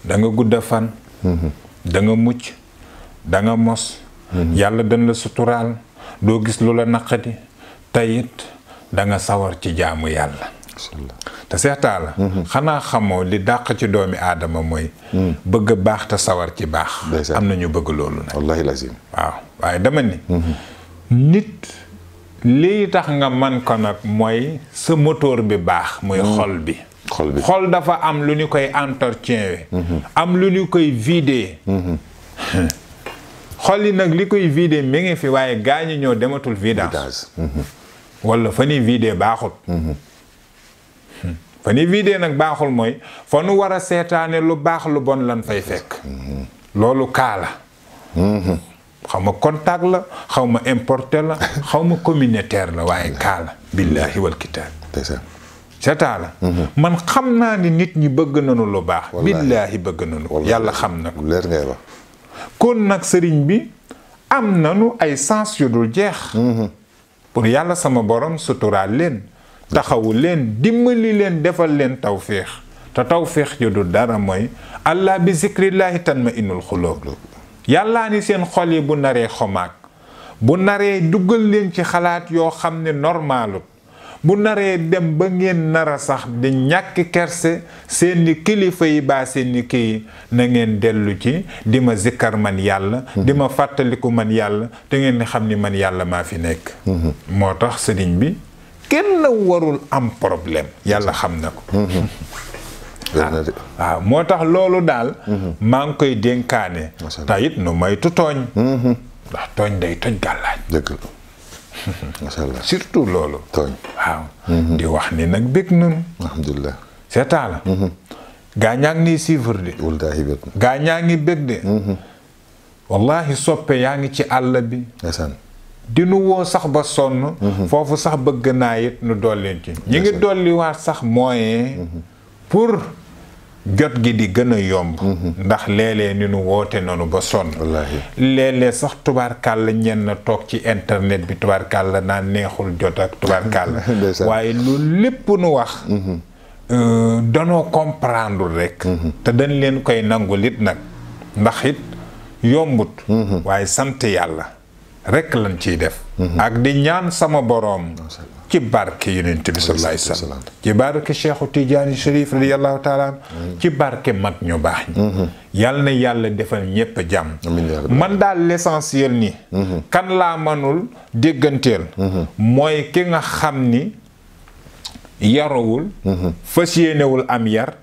danga nga gudda fan mhm. danga mucc danga mos mhm. yàlla dañ la suturaal doo gis lu la naqadi tayit danga sawar ci jaamu yàlla te seetaa la mhm. xanaa xamoo li dàq ci doomi aadama mooy bëgg baax te sawar ci baax am na ñu bëgg loolu nag wallaahi lazim waaw waaye dama ni nit lii tax nga man kon nag mooy sa moteur bi baax muy xol bi xol dafa am lu ñu koy entretien mm-hmm. am lu ñu koy vider. Mm-hmm. xol yi nag li koy vider mi ngi fi waaye gaañu ñoo dematul vidage mm-hmm. wala fa ñuy vider baaxul fa ñuy nag baaxul mooy fa nu war a seetaane lu baax lu bon lan fay fekk loolu kaa la xaw ma contact la xaw ma importe la xaw ma communautaire la waaye kaa la billaahi wal kitaab setaa la mhm. man xam naa ni nit ñi bëgg nañu lu baax billaahi bëgg nañu yàlla xam na ko leer ngay wax kon nag sëriñ bi am nañu ay sens yu dul jeex mhm. pour yàlla sama borom suturaal leen taxawu leen dimbali leen defal leen tawféex te tawféex yu dul dara mooy allah bi zikrillaahi tan ma inul xulóob yàlla ni seen xol yi bu naree xomaag bu naree duggal leen ci xalaat yoo xam ne normaalut bu naree dem ba ngeen nara sax di ñàkk kerse seeni kilifa yi baa seeni kii na ngeen dellu ci di ma zikkar man yàlla mhm. di ma fàttaliku man yàlla te ngeen xam ni man yàlla maa fi nekk mhm. moo tax sëriñ bi kenn warul am problème yàlla xam na ko mhm. ah, waaw moo tax loolu daal maa ngi koy dénkaane te it nu moytu tooñ ndax tooñ day toj gàllaaj macha allah surtout loolu. tooñ waaw. Mm-hmm. di wax ni nag bég nañu. alhamdulilah seetaa la. Mm-hmm. gaa ñaa ngi nii suivre de. gaa ñaa ngi bég de. Mm-hmm. wallahi soppe yaa ngi ci àll bi. ndeysaan di nu woo sax ba sonn. foofu sax bëgg naa it nu dolli ci. ñi ngi dolliwaat sax moyen pour. jot gi di gën a yomb mhm. ndax léeg ni nu woote noonu ba sonn sax léeg sax tubaarkàlla na toog ci internet bi la naa neexul jot ak tubaarkàlla waaye lu lépp nu wax mhm. euh, danoo comprendre rek mhm. te dañ leen koy nangul it nag ndax it yombut waaye sant yàlla rek lañ ciy def ak di ñaan sama borom ci barke yonent bi sallallahu alayhi wasallam ci barke Cheikhu Tidiane Chérif radiyallahu taala mm-hmm. ci barke mag ñu baax ñi mm-hmm. yal na yàlla defal ñépp jàmm man daal l'essentiel ni mm-hmm. kan laa manul dégganteel mooy ki nga xam ni yarawul fas yéenewul am yar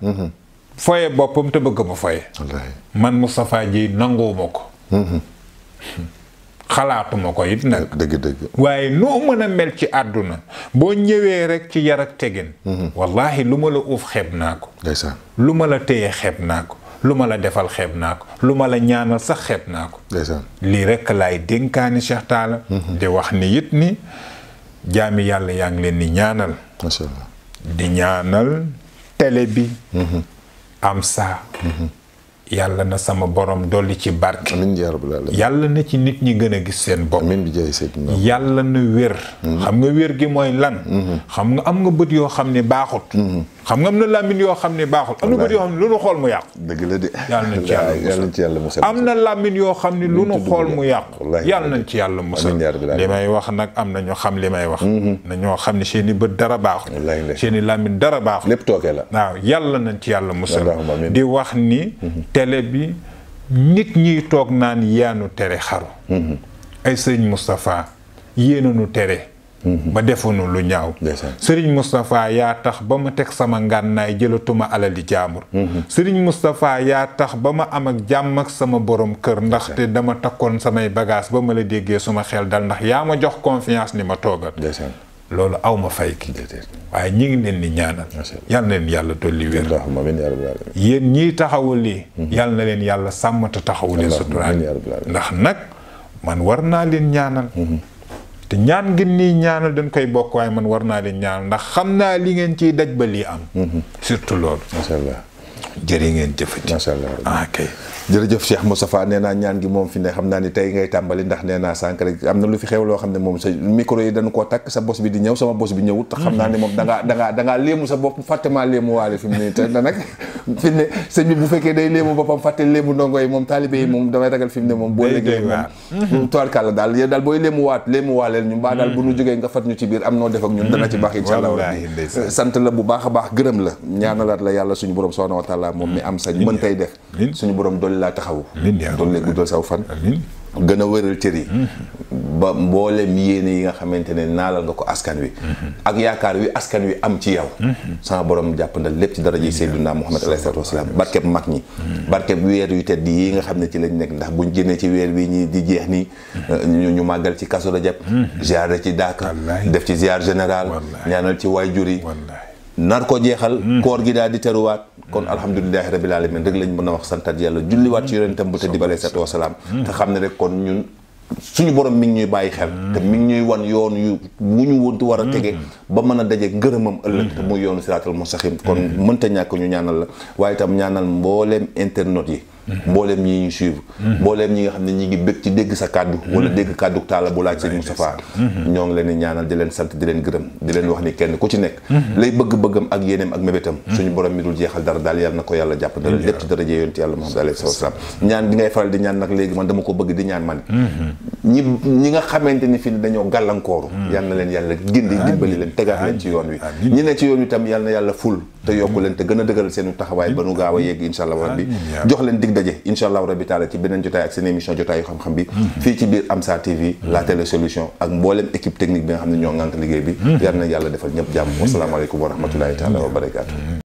foye boppam te bëgg ma foye man Moustapha Dieye nanguwuma ko xalaatuma ko it nag waaye noo mën a mel ci àdduna boo ñëwee rek ci yar ak tegin mm-hmm. wallahi lu ma la uuf xeb naa ko ndeysaan lu ma la téye xeeb naa ko lu ma la defal xeeb naa ko lu ma la ñaanal sax xeeb naa ko ndeysaan lii rek laay dénkaani Cheikh Talla mm-hmm. di wax ni it ni jaami yàlla yaa ngi leen di ñaanal macha di ñaanal tele bi mm-hmm. am saa yàlla na sama borom dolli ci barke yàlla na ci nit ñi gën a gis seen bopp yàlla na wér mhm. xam nga wér gi mooy lan mhm. xam nga am nga bët yoo xam ne baaxut mhm. xam nga am na làmmiñ yoo xam ne baaxul am na bët yoo xam ne lu nu xool mu yàqu dëgg la de yàlla nañ ci yàlla musal am na làmmiñ yoo xam ne lu nu xool mu yàqu yàlla nañ ci yàlla musal li may wax nag am na ñoo xam li may wax mhm. na ñoo xam ne seen i bët dara baaxul seen i làmmiñ dara baaxul lépp tooke la waaw yàlla nañ ci yàlla musal di wax ni mhm. télé bi nit ñiy toog naan yaanu tere xaru mhm. ay sëñ Moustapha yéenanu tere Mm-hmm. ba defunu lu ñaaw sëriñ Moustapha yaa tax ba ma teg sama ngànnaay jëlatuma alali jaamur mm-hmm. sëriñ Moustapha yaa tax ba ma am ak jàmm ak sama borom kër ndaxte dama takkoon samay bagage ba ma la déggee suma xel dal ndax yaa ma jox confiance ni ma toogal loolu aw ma fay ki waaye ñi ngi leen di ñaanal yal na leen yàlla dolli wér yéen ñii taxawul lii mm-hmm. yal na leen yàlla sàmm te taxawu leen suturaan ndax nag man war naa leen ñaanal te ñaan ngeen nii ñaanal dañ koy bokk waaye man war naa leen ñaanal ndax xam naa li ngeen ciy daj ba lii am mhm. surtout loolu macha allah yi ngeen jëfati macha allah ah jërëjëf Cheikh Moustapha nee naa na lu fi xew loo xam ne moom sa micro yi dañu koo takk sa bos bi di ñëw mm-hmm. moom dangaa dangaa dangaa léemu sa bopp fàttemaa léemu waale fi mu ne te nag fi mu ne sëñ bi bu fekkee day léemu daal booy léemu waat ñu mbaa daal bu ñu mm-hmm. jógee nga fat ñu ci biir am noo def ñun dana ci baax insha allah sant la bu baax a baax gërëm la mm-hmm. ñaanalaat la yàlla suñu borom subhanahu wa taala moom mi am sañ mën tay def suñu borom dool laa taxawu dool la guddal saw fan gën a wëral cër yi mm-hmm. ba mboolem yéene yi nga xamante ne naalal nga ko askan wi mm-hmm. ak yaakaar wi askan wi am ci yow mm-hmm. sama borom jàppandal lépp ci daraja Seydina Muhammad alayhi salaatu wasalaam barkeb mag ñi barkeb weer yu tedd yi nga xam ne ci lañ nekk ndax buñ génnee ci weer wi ñi di jeex nii ñu màggal ci Kazu Rajab ziar ci daaka def ci ziar général ñaanal ci waajur yi nar ko jeexal mm. koor gi daal di teruwaat kon mm. alhamdulilahi rabil alamin rek lañ mën a wax santat yàlla julliwaat ci yonentam bu tëddi balay salaatu wasalaam mm. te xam ne rek kon ñun suñu borom mi ngi ñuy bàyyi xel te mi ngi ñuy wan yoon yu wu ñu wuntu war a tege ba mën a daje ngërëmam ëllëg te muy yoonu siraatal mustaqiim kon mënta ñàkk ñu ñaanal la waaye itam ñaanal mbooleem internet yi Mm-hmm. mbooleem ñi ñu suivre mm-hmm. mbooleem ñi nga xam ne ñi ngi bëgg ci dégg sa kàddu mm-hmm. wala dégg kàddu taala bu laaj sëñ Moustapha ñoo ngi leen di ñaanal di leen sant di leen gërëm di leen wax ni kenn ku ci nekk lay bëgg-bëggam ak yéeneem ak mébétam suñu borom mi dul jeexal dara daal yàlla ko yàlla jàpp dara lépp ci daraje yonent yàlla Muhammad alayhi salaam ñaan di ngay faral di ñaan nag léegi man dama ko bëgg di ñaan man ñi ñi nga xamante ni fi dañoo gàllankooru mm. yàlla na leen yàlla gindi dimbali leen tegaat leen ci yoon wi ñi ne ci te yokku leen te gën a dëgëral seenu taxawaay ba nu gaaw a yegg incha allah rabbi jox leen dig daje incha rabbi taala ci beneen jotaay ak seen émission jotaayu xam-xam bi fii ci biir Amsa TV la télé solution ak mbooleem équipe technique bi nga xam ne ñoo ngànk liggéey bi yar na yàlla defal ñëpp jàmm wasalaamaaleykum wa rahmatullahi taala wa